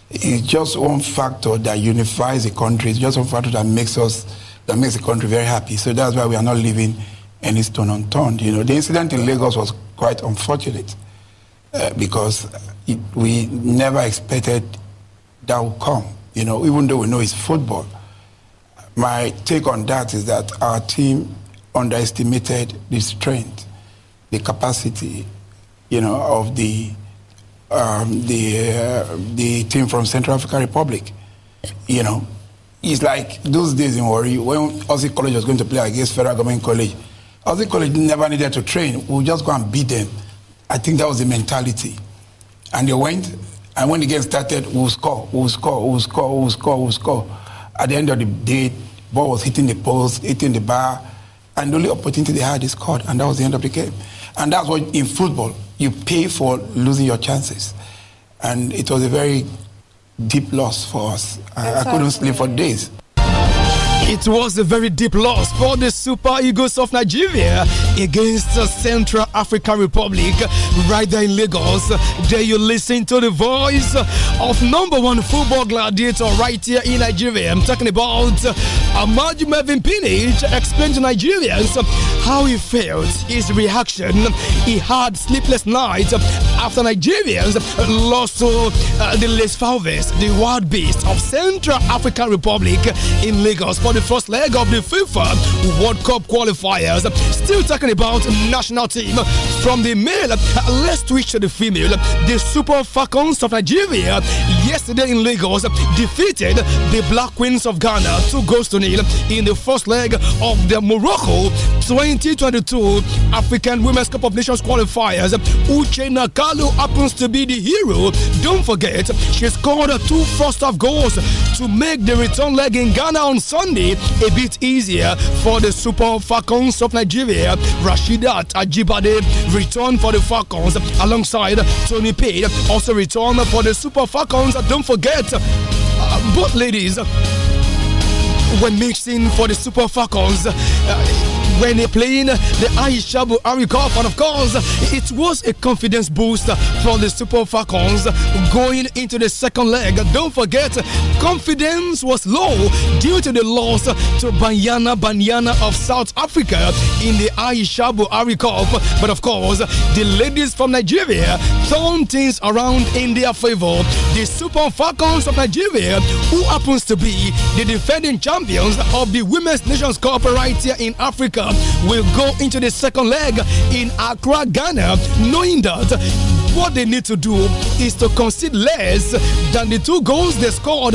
it's just one factor that unifies the country. It's just one factor that makes us, that makes the country very happy. So that's why we are not leaving and it's on unturned. You know, the incident in Lagos was quite unfortunate uh, because it, we never expected that would come. You know, even though we know it's football, my take on that is that our team underestimated the strength, the capacity, you know, of the um, the uh, the team from Central African Republic. You know, it's like those days in Warri when Aussie College was going to play against Federal Government College Housing College never needed to train. We'll just go and beat them. I think that was the mentality. And they went, and when the game started, we'll score, we'll score, we'll score, we'll score, we'll score. At the end of the day, ball was hitting the post, hitting the bar, and the only opportunity they had is scored, and that was the end of the game. And that's what in football you pay for losing your chances, and it was a very deep loss for us. I, I couldn't sleep for days. It was a very deep loss for the Super Eagles of Nigeria against the Central African Republic right there in Lagos. There you listen to the voice of number one football gladiator right here in Nigeria. I'm talking about Amaju Mevin Pinich explained to Nigerians how he felt, his reaction. He had sleepless nights after Nigerians lost to uh, the Les Falves, the wild beasts of Central African Republic in Lagos for the first leg of the FIFA World Cup qualifiers. Still talking about national team from the male, let's switch to the female. The Super Falcons of Nigeria yesterday in Lagos defeated the Black Queens of Ghana two goals to nil in the first leg of the Morocco 2022 African Women's Cup of Nations qualifiers. Uche Naka Kalu happens to be the hero. Don't forget, she scored two first-half goals to make the return leg in Ghana on Sunday a bit easier for the Super Falcons of Nigeria. Rashida Ajibade returned for the Falcons alongside Tony Payne, also returned for the Super Falcons. Don't forget, uh, both ladies were mixing for the Super Falcons. Uh, when they playing the Aisha Ari Cup. And of course, it was a confidence boost for the Super Falcons going into the second leg. Don't forget, confidence was low due to the loss to Banyana Banyana of South Africa in the Aisha Ari Cup. But of course, the ladies from Nigeria turned things around in their favor. The Super Falcons of Nigeria, who happens to be the defending champions of the Women's Nations Cup right here in Africa, will go into the second leg in Accra, Ghana, knowing that what they need to do is to concede less than the two goals they scored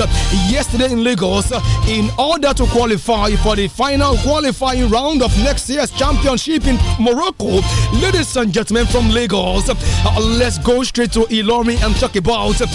yesterday in Lagos in order to qualify for the final qualifying round of next year's championship in Morocco. Ladies and gentlemen from Lagos, uh, let's go straight to Ilorin and talk about the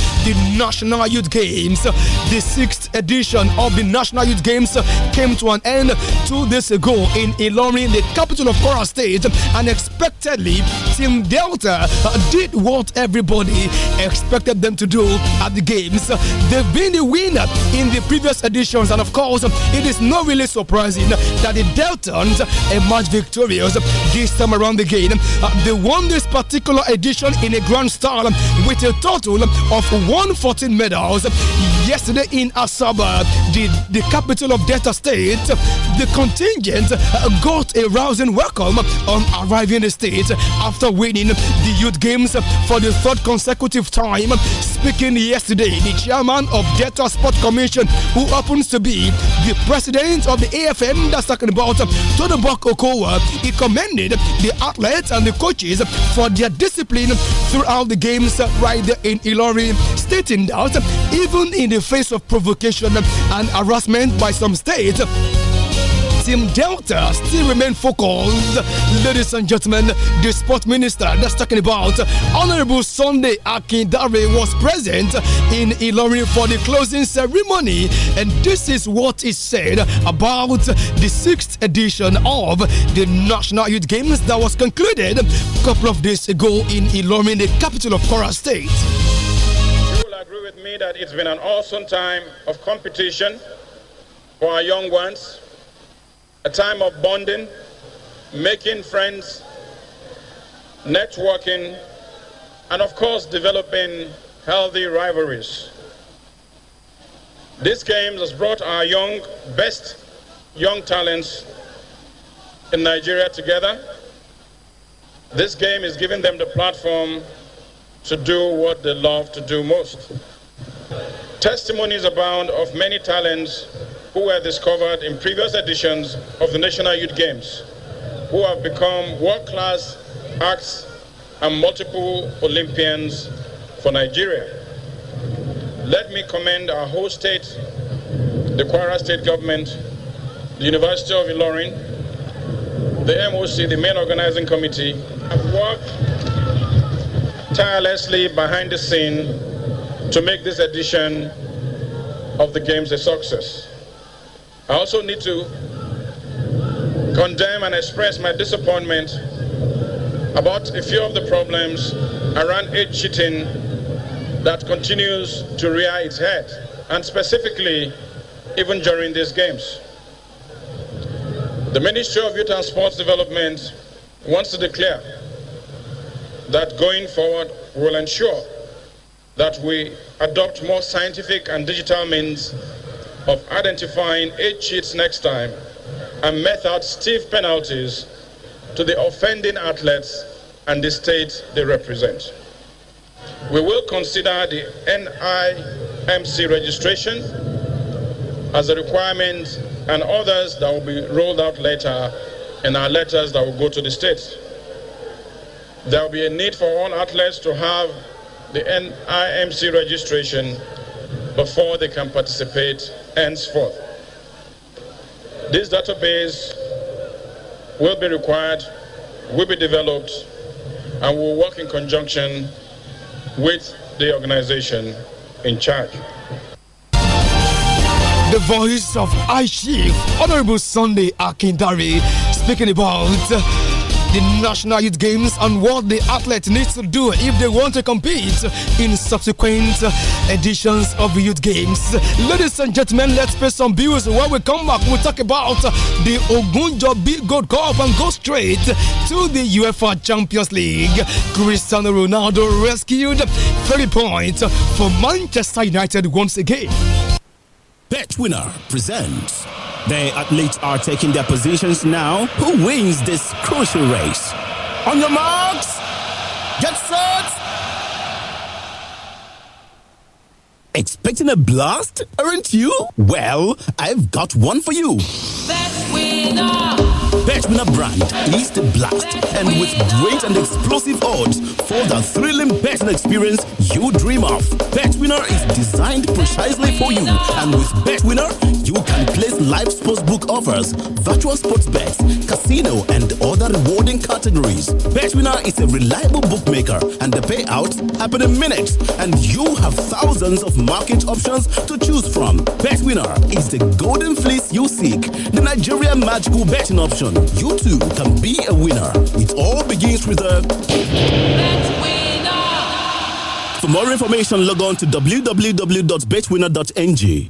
National Youth Games. The sixth edition of the National Youth Games came to an end two days ago in Ilorin, the capital of Kora State, and expectedly, Team Delta uh, did what what everybody expected them to do at the games. They've been the winner in the previous editions, and of course, it is not really surprising that the Deltons emerged victorious this time around the game. Uh, they won this particular edition in a grand style with a total of 114 medals. Yesterday in Asaba, the, the capital of Delta State, the contingent uh, got a rousing welcome on arriving the state after winning the youth games for the third consecutive time. Speaking yesterday, the chairman of Delta Sport Commission, who happens to be the president of the AFM, that's talking about uh, Todobok Okowa, he commended the athletes and the coaches for their discipline throughout the games right there in Ilori, stating that even in the face of provocation and harassment by some states, Team Delta still remain focused. Ladies and gentlemen, the sport minister that's talking about Honorable Sunday Akindare was present in Ilorin for the closing ceremony. And this is what is said about the sixth edition of the National Youth Games that was concluded a couple of days ago in Ilorin, the capital of Kora State. You will agree with me that it's been an awesome time of competition for our young ones a time of bonding, making friends, networking, and of course developing healthy rivalries. This games has brought our young, best young talents in Nigeria together. This game is giving them the platform to do what they love to do most. Testimonies abound of many talents who were discovered in previous editions of the National Youth Games, who have become world-class acts and multiple Olympians for Nigeria. Let me commend our whole state, the Kwara State Government, the University of Ilorin, the MOC, the main organizing committee, have worked tirelessly behind the scene to make this edition of the games a success. I also need to condemn and express my disappointment about a few of the problems around age cheating that continues to rear its head, and specifically even during these games. The Ministry of Youth and Sports Development wants to declare that going forward will ensure that we adopt more scientific and digital means of identifying eight cheats next time and method out stiff penalties to the offending athletes and the state they represent. We will consider the NIMC registration as a requirement and others that will be rolled out later in our letters that will go to the states. There will be a need for all athletes to have the NIMC registration before they can participate henceforth. This database will be required, will be developed, and will work in conjunction with the organization in charge. The voice of I Chief, Honorable Sunday Akindari, speaking about the National Youth Games and what the athlete needs to do if they want to compete in subsequent editions of the Youth Games. Ladies and gentlemen, let's pay some bills. When we come back, we'll talk about the Ogunjobi Gold Cup and go straight to the UEFA Champions League. Cristiano Ronaldo rescued three points for Manchester United once again. Bet Winner presents the athletes are taking their positions now. Who wins this crucial race? On your marks, get set. Expecting a blast, aren't you? Well, I've got one for you. Betwinner brand is the blast, and with great and explosive odds for the thrilling betting experience you dream of. Betwinner is designed precisely for you, and with Betwinner, you can place live sports book offers, virtual sports bets, casino, and other rewarding categories. Betwinner is a reliable bookmaker, and the payouts happen in minutes. And you have thousands of market options to choose from. Betwinner is the golden fleece you seek, the Nigerian magical betting option. You too can be a winner. It all begins with a. Betwinner. For more information, log on to www.betwinner.ng.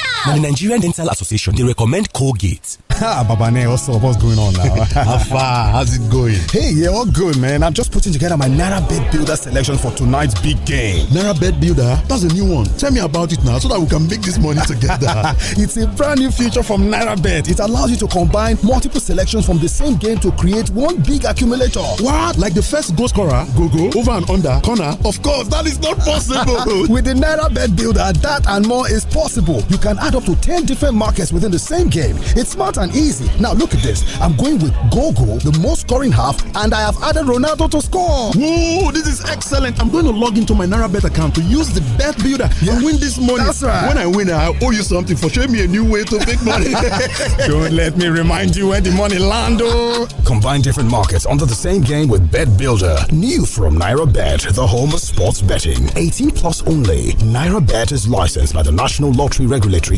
now, the Nigerian Dental Association, they recommend Colgate. Ha, Babane, what's, up? what's going on now? How <laughs> far? How's it going? Hey, yeah, all good, man. I'm just putting together my Nara Bed Builder selection for tonight's big game. Nara Bed Builder? That's a new one. Tell me about it now so that we can make this money together. <laughs> it's a brand new feature from Nara Bed. It allows you to combine multiple selections from the same game to create one big accumulator. What? Like the first goal scorer, go go, over and under, corner? Of course, that is not possible. <laughs> With the Nara Bed Builder, that and more is possible. You can add up to 10 different markets within the same game. It's smart and easy. Now look at this. I'm going with Gogo, the most scoring half, and I have added Ronaldo to score. Whoa, this is excellent. I'm going to log into my NaraBet account to use the bet builder yeah. and win this money. That's right. When I win, I owe you something for showing me a new way to make money. <laughs> <laughs> Don't let me remind you where the money lando. Oh. Combine different markets under the same game with Bet Builder. New from NaraBet, the home of sports betting. 18 plus only. NaraBet is licensed by the National Lottery Regulatory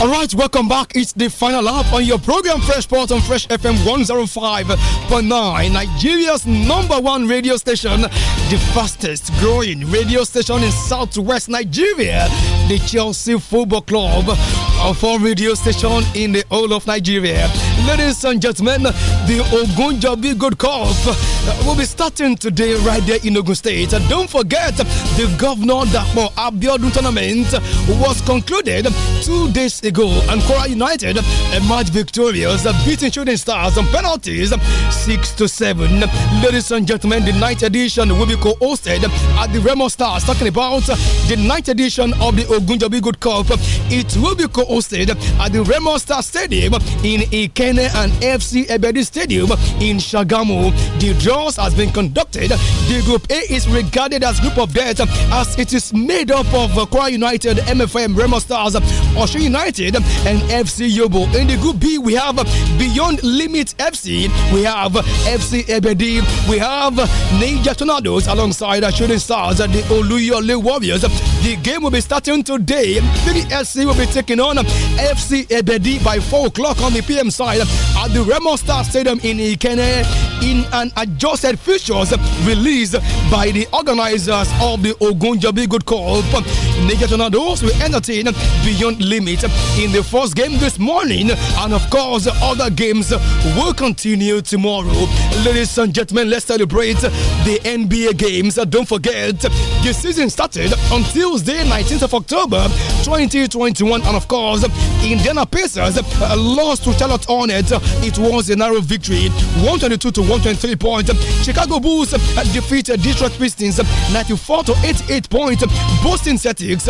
All right, welcome back. It's the final lap on your program Fresh Port on Fresh FM 105.9, Nigeria's number one radio station, the fastest growing radio station in southwest Nigeria, the Chelsea Football Club, our four radio station in the whole of Nigeria ladies and gentlemen, the Ogunjobi Good Cup uh, will be starting today right there in Ogun State. Don't forget, the Governor Dapo Abiodun tournament was concluded two days ago, and Kora United emerged victorious, beating Shooting Stars on penalties six to seven. Ladies and gentlemen, the ninth edition will be co-hosted at the Remo Stars. Talking about the ninth edition of the Ogunjobi Good Cup, it will be co-hosted at the Remo Stars Stadium in Iken Mane and FC Ebedi Stadium in Shagamu. The draws has been conducted. The Group A is regarded as Group of Death as it is made up of Accra United, MFM, Remo Stars, Osho United, and FC Yobo. In the Group B, we have Beyond Limit FC, we have FC Ebedi, we have Nigeria Tornadoes alongside Shooting Stars, the Oluyole Warriors. The game will be starting today. The FC will be taking on FC Ebedi by 4 o'clock on the PM side at the Remo Star Stadium in Ikene in an adjusted fixtures released by the organizers of the Ogunjabi Good Cup. Niger Tornadoes will entertain Beyond Limit in the first game this morning, and of course, other games will continue tomorrow. Ladies and gentlemen, let's celebrate the NBA games. Don't forget, the season started on Tuesday, 19th of October 2021. And of course, Indiana Pacers uh, lost to Charlotte Hornets. It was a narrow victory, 122 to 123 points. Chicago Bulls uh, defeated Detroit Pistons 94 to 88 points. Boston Celtics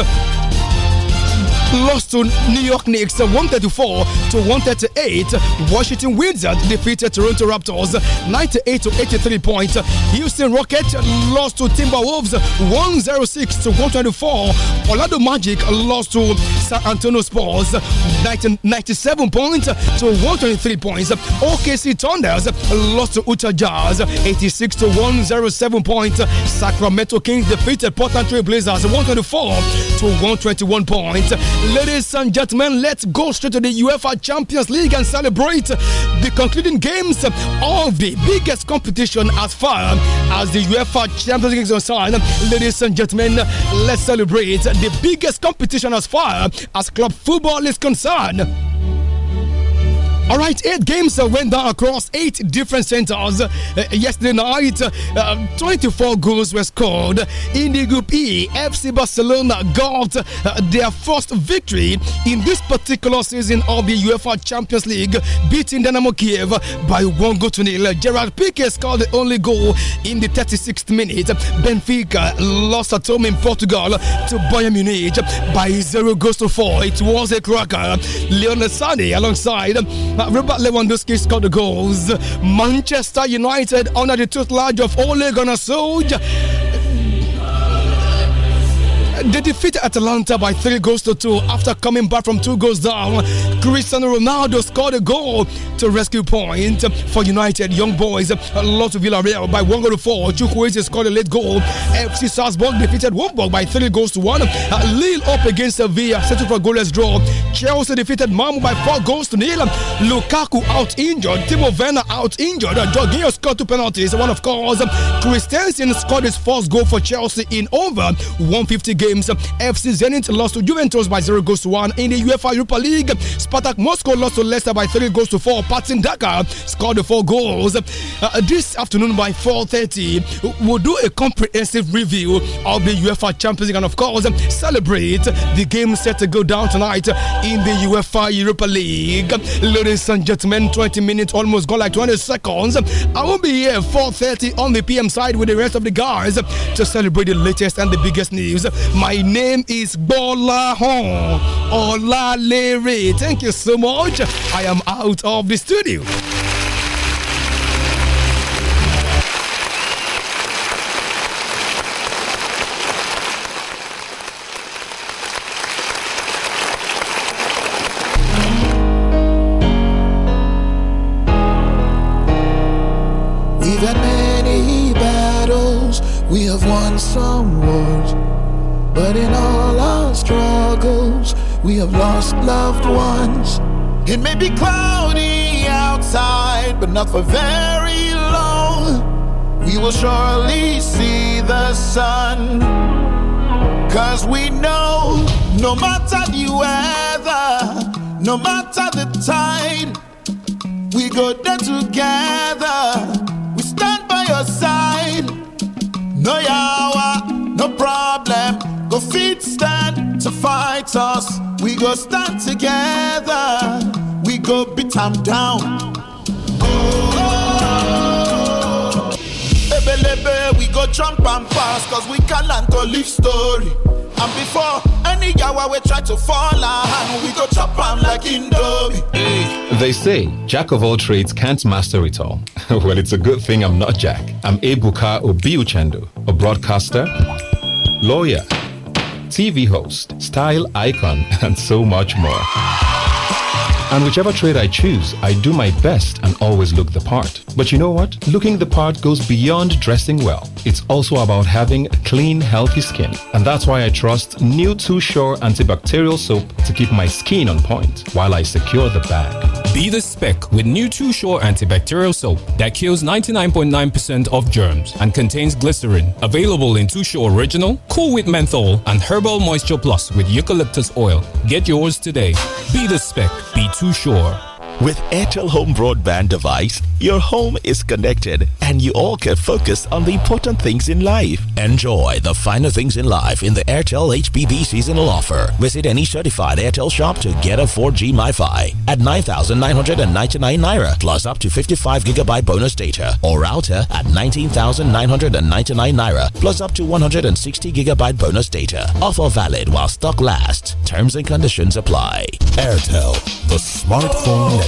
lost to New York Knicks 134 to 138. Washington Wizards defeated Toronto Raptors 98 to 83 points. Houston Rockets lost to Timberwolves 106 to 124. Orlando Magic lost to San Antonio Spurs 97 points to 123 points. OKC Thunders lost to Utah Jazz 86 to 107 points. Sacramento Kings defeated Portland Trail Blazers 124 to 121 points. Ladies and gentlemen, let's go straight to the UEFA Champions League and celebrate the concluding games of the biggest competition as far as the UEFA Champions League is concerned. Ladies and gentlemen, let's celebrate the biggest competition as far as club football is concerned. All right, eight games uh, went down across eight different centers uh, yesterday night. Uh, um, 24 goals were scored in the Group E. FC Barcelona got their first victory in this particular season of the UEFA Champions League, beating Dynamo Kiev by one goal to nil. Gerard Piqué scored the only goal in the 36th minute. Benfica lost at home in Portugal to Bayern Munich by zero goals to four. It was a cracker. Leon Sane alongside Robert Lewandowski scored the goals. Manchester United under the tutelage of Ole Gunnar Solskjaer they defeated Atalanta by three goals to two after coming back from two goals down. Cristiano Ronaldo scored a goal to rescue point for United. Young boys lost to Villarreal by one goal to four. Chukwueze scored a late goal. FC Salzburg defeated Wolfsburg by three goals to one. Lille up against Sevilla settled for a goalless draw. Chelsea defeated Malmo by four goals to nil. Lukaku out injured. Timo Werner out injured. Jorginho scored two penalties. One of course, Christensen scored his first goal for Chelsea in over 150 games games. FC Zenit lost to Juventus by 0 goals to 1 in the UEFA Europa League. Spartak Moscow lost to Leicester by 3 goals to 4. Patin Daka scored 4 goals. Uh, uh this afternoon by 4.30, we'll do a comprehensive review of the UEFA Champions League and, of course, celebrate the game set to go down tonight in the UEFA Europa League. Ladies and gentlemen, 20 minutes almost gone like 20 seconds. I will be here 4.30 on the PM side with the rest of the guys to celebrate the latest and the biggest news. My my name is Bola Hon Olalere. Thank you so much. I am out of the studio. We have lost loved ones. It may be cloudy outside, but not for very long. We will surely see the sun. Cause we know no matter the weather, no matter the tide, we go there together. We stand by your side. No yawa, no problem fight us, we go stand together, we go beat them down. Oh, Ebelebe, we go jump and pass, cause we can learn to live story. And before any yawa we try to fall out, we go chop them like Indomie. They say, Jack of all trades can't master it all. <laughs> well, it's a good thing I'm not Jack. I'm Ebuka Obiuchendo, a broadcaster, lawyer TV host, style icon, <laughs> and so much more. And whichever trade I choose, I do my best and always look the part. But you know what? Looking the part goes beyond dressing well. It's also about having a clean, healthy skin. And that's why I trust new Too Sure antibacterial soap to keep my skin on point while I secure the bag. Be the spec with new Too Sure antibacterial soap that kills 99.9% of germs and contains glycerin. Available in Too Sure Original, Cool with Menthol, and Herbal Moisture Plus with eucalyptus oil. Get yours today. Be the spec. Be too sure with Airtel Home Broadband device, your home is connected and you all can focus on the important things in life. Enjoy the finer things in life in the Airtel HBB seasonal offer. Visit any certified Airtel shop to get a 4G MiFi at 9,999 Naira plus up to 55 gigabyte bonus data or router at 19,999 Naira plus up to 160 gigabyte bonus data. Offer valid while stock lasts. Terms and conditions apply. Airtel, the smartphone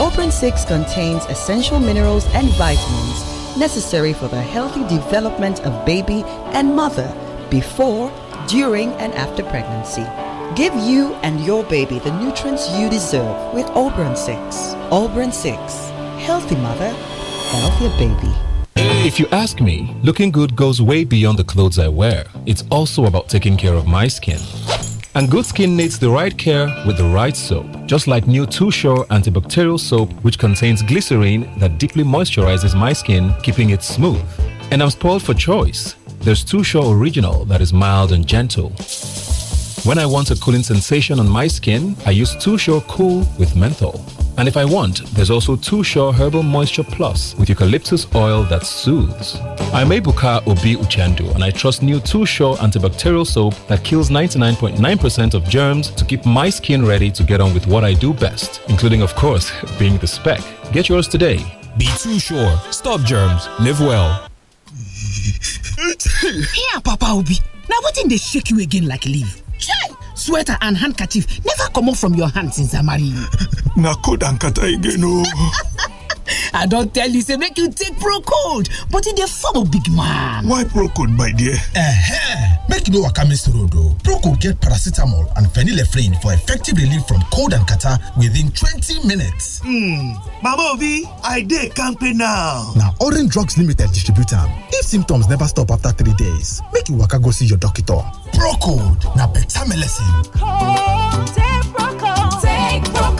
Open 6 contains essential minerals and vitamins necessary for the healthy development of baby and mother before, during, and after pregnancy. Give you and your baby the nutrients you deserve with Auburn 6. Auburn 6. Healthy mother, healthier baby. If you ask me, looking good goes way beyond the clothes I wear. It's also about taking care of my skin. And good skin needs the right care with the right soap, just like new Too Sure antibacterial soap, which contains glycerine that deeply moisturizes my skin, keeping it smooth. And I'm spoiled for choice. There's Too Sure Original that is mild and gentle. When I want a cooling sensation on my skin, I use Too Sure Cool with menthol. And if I want, there's also Too Sure Herbal Moisture Plus with eucalyptus oil that soothes. I'm Ebuka Obi Uchandu, and I trust new Too Sure antibacterial soap that kills 99.9% of germs to keep my skin ready to get on with what I do best, including, of course, <laughs> being the spec. Get yours today. Be Too Sure. Stop germs. Live well. Here, <laughs> Papa Obi. Now, what in they shake you again like leave? sweater and handkerchief never come off from your hands since i married you na cold and kata again oh. <laughs> i don't tell you say make you take pro code but e dey form of big man why pro code my dear eh make you know what miss road o pro code get paracetamol and phenylephrine for effective relief from cold and catarrh within 20 minutes hmm mama obi i dey campaign now Now orange drugs limited Distributor. if symptoms never stop after three days make you waka go see your doctor pro code na beta melecine take pro take pro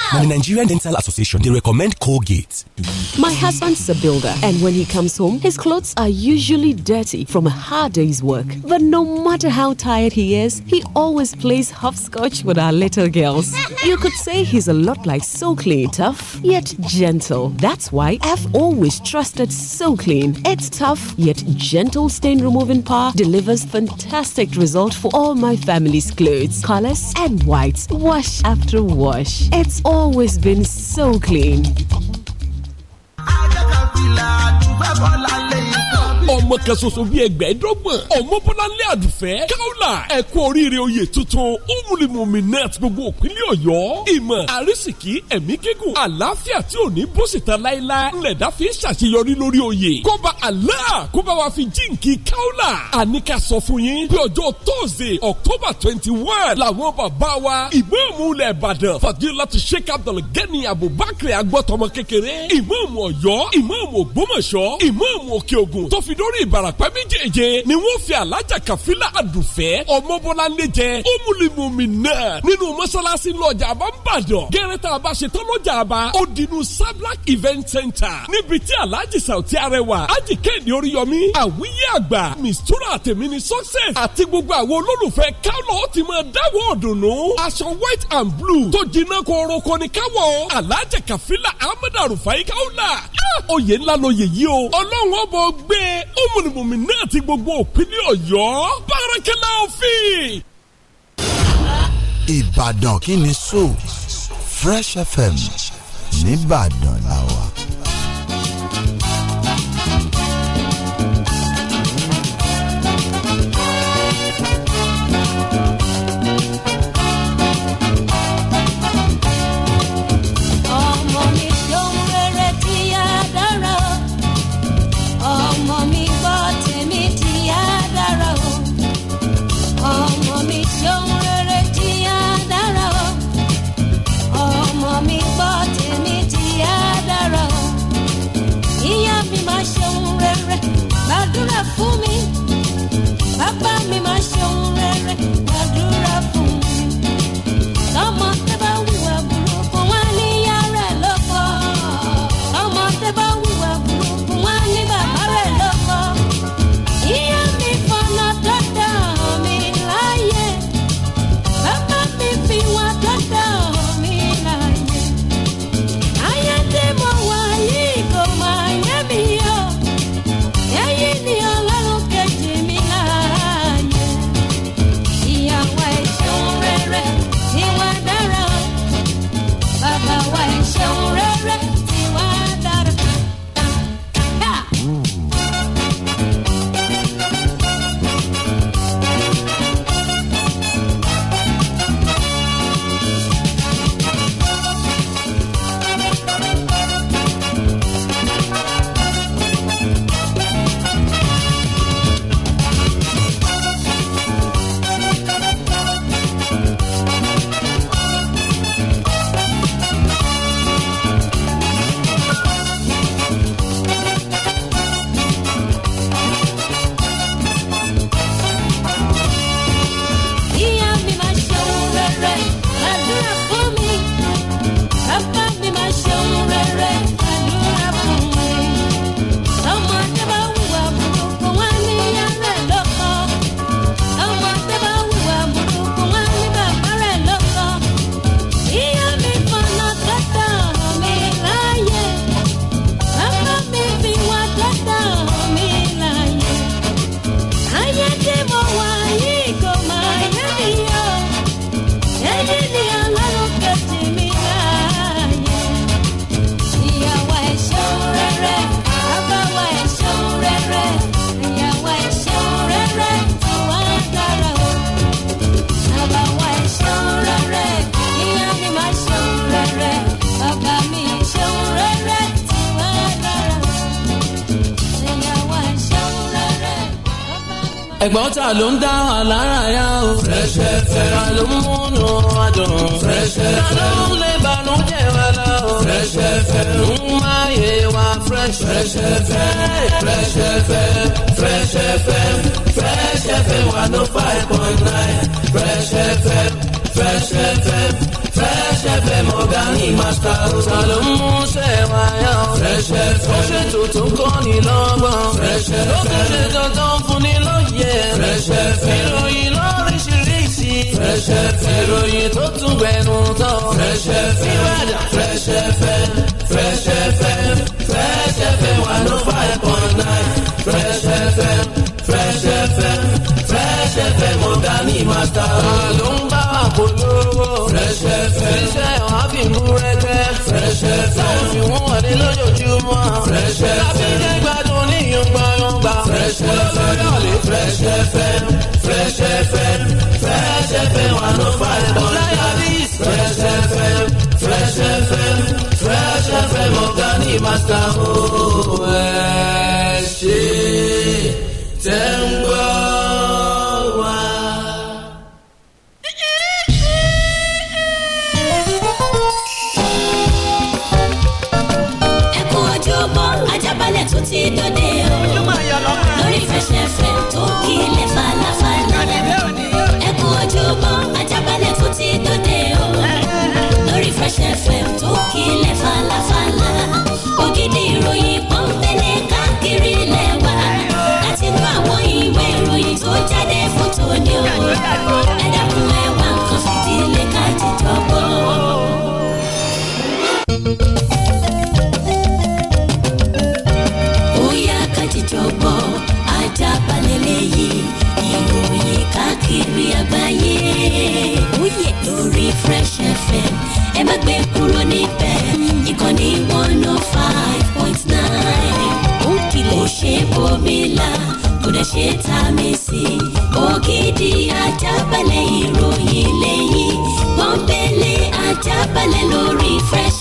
Now, the Nigerian Dental Association, they recommend Colgate. My husband's a builder, and when he comes home, his clothes are usually dirty from a hard day's work. But no matter how tired he is, he always plays hopscotch with our little girls. You could say he's a lot like So Clean, tough yet gentle. That's why I've always trusted So Clean. It's tough yet gentle stain removing power delivers fantastic result for all my family's clothes, colors, and whites, wash after wash. It's all always been so clean. ọmọ kan ṣoṣo bíi ẹgbẹ̀ẹ́dọ́gbọ̀n ọmọbọ́láńlé àdùfẹ́ káwùlà ẹ̀kọ́ oríire oyè tuntun umulimumi net gbogbo òpínlẹ̀ ọ̀yọ́ ìmọ̀ àrísìkí ẹ̀mí gígùn àlàáfíà tí ò ní bó síta láéláé ńlẹ̀dá fi ń ṣàṣeyọrí lórí oyè kọ́ba Allah kó bá wa fi jíǹkì káwùlà àníkà sọ fún yín bí ọjọ́ tóòzè October twenty one làwọn bàbá wa ìmáàmù fi dórí ìbarapẹ́ méjèèje ni wọ́n fi alájà kàfílà àdùfẹ́ ọmọbọ́láńdé jẹ ómùlímùmí náà nínú mọ́ṣáláṣí lọ́jà àbá ń bàdàn lọ́jà àbá ó sablak event center níbi tí alájì sàùtí arẹwà ájì oríyọmí àwíyé àgbà mistura àtẹ̀mí ni success àti gbogbo àwọn olólùfẹ́ kálọ̀ ti máa dáwọ́ ọ̀dùnnú aṣọ white and blue tó jiná koroko ni káwọ̀ alájà kàfílà ahmed arufai káwọ́là ah! oyè ńlá lóye yìí o ọlọ́run ọ̀bọ gbé e ọmọnìmọ̀mí náà ti gbogbo òpinlẹ̀ ọ̀yọ́ bárakẹ́lá òfin. ìbàdàn kí ni so Fresh FM nìbàdàn làwà. ẹ̀gbọ́n ta ló ń dá wa lára yá o. Fresh FM. ta ló ń múnú wa dùn. Fresh FM. ta ló ń lé balùwẹ̀ wa lọ. Fresh FM. ń máa yé wa Fresh. Fresh FM. Fresh FM. Fresh FM. Fresh FM one oh five point nine. Fresh FM. Fresh FM Fresh FM ọ̀gá ní màsítà ọ̀sà ló ń Fresh FM ó ṣe tuntun kọ́ ni lọ́gbọ̀n Fresh FM ó kéde dandan fún ni lóye Fresh FM ìròyìn lóríṣiríṣi Fresh FM ìròyìn tó tún gbẹnu tán Fresh FM Ìbàdàn Fresh FM Fresh FM Fresh FM one oh five point nine Fresh FM Fresh FM. Tani Mata. Ta ló ń bá wa polówó. Fresh FM. Iṣẹ́ wa fi mú rẹ́tẹ́. Fresh FM. Táwọn fi mú wọlé lójoojúmọ́. Fresh FM. Lábí jẹ́ gbádùn ní yọ̀ngbọ̀nyọ̀ngbà. Fresh FM. Olólùyọ̀ lè Fresh FM. Fresh FM. Fresh FM wà ló fà ẹ̀bọ̀ láyà ní. Fresh FM. Fresh FM. Fresh FM ọ̀gá ní Mata. Ó ẹ ṣe tẹ́ ń gbọ́. òkìlẹ̀ falafala. ẹ kú ojúmọ́ ajábalẹ̀ tó ti dòde o. lórí Fresh FM tó kílẹ̀ falafala. ògidì ìròyìn káàkiri àgbáyé. Ó yẹ lórí Refresh FM ẹ má gbé kúrò níbẹ̀ ìkànnì one oh five point nine. Ó kìlẹ̀ kò ṣe bomi la kò dẹ̀ ṣe ta mi sí. Ògidì ajábalẹ̀ ìròyìn lẹ́yìn pọ́npẹ́lẹ́ ajábalẹ̀ lórí Refresh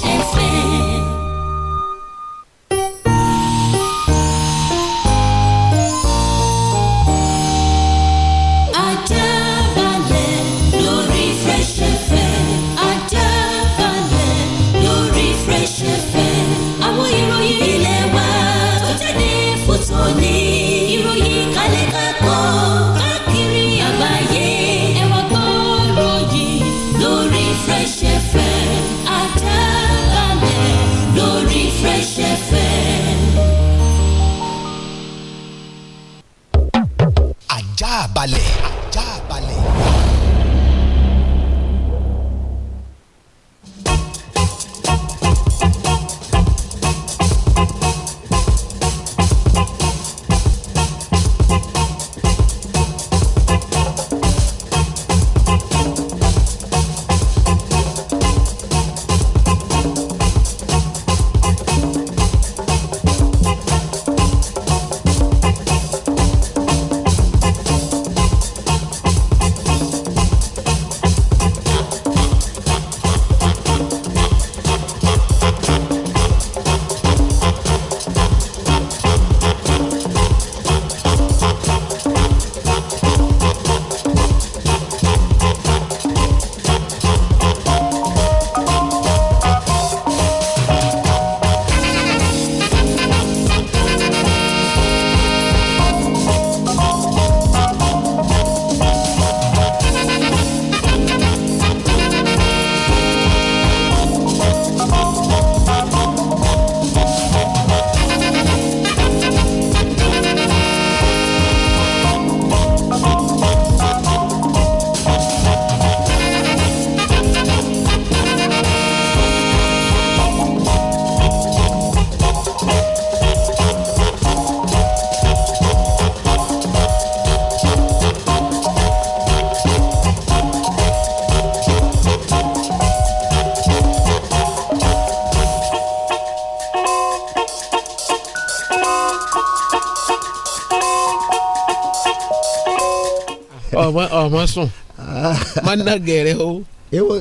ọmọ sùn ah. má ná gẹ̀rẹ́ o. èwo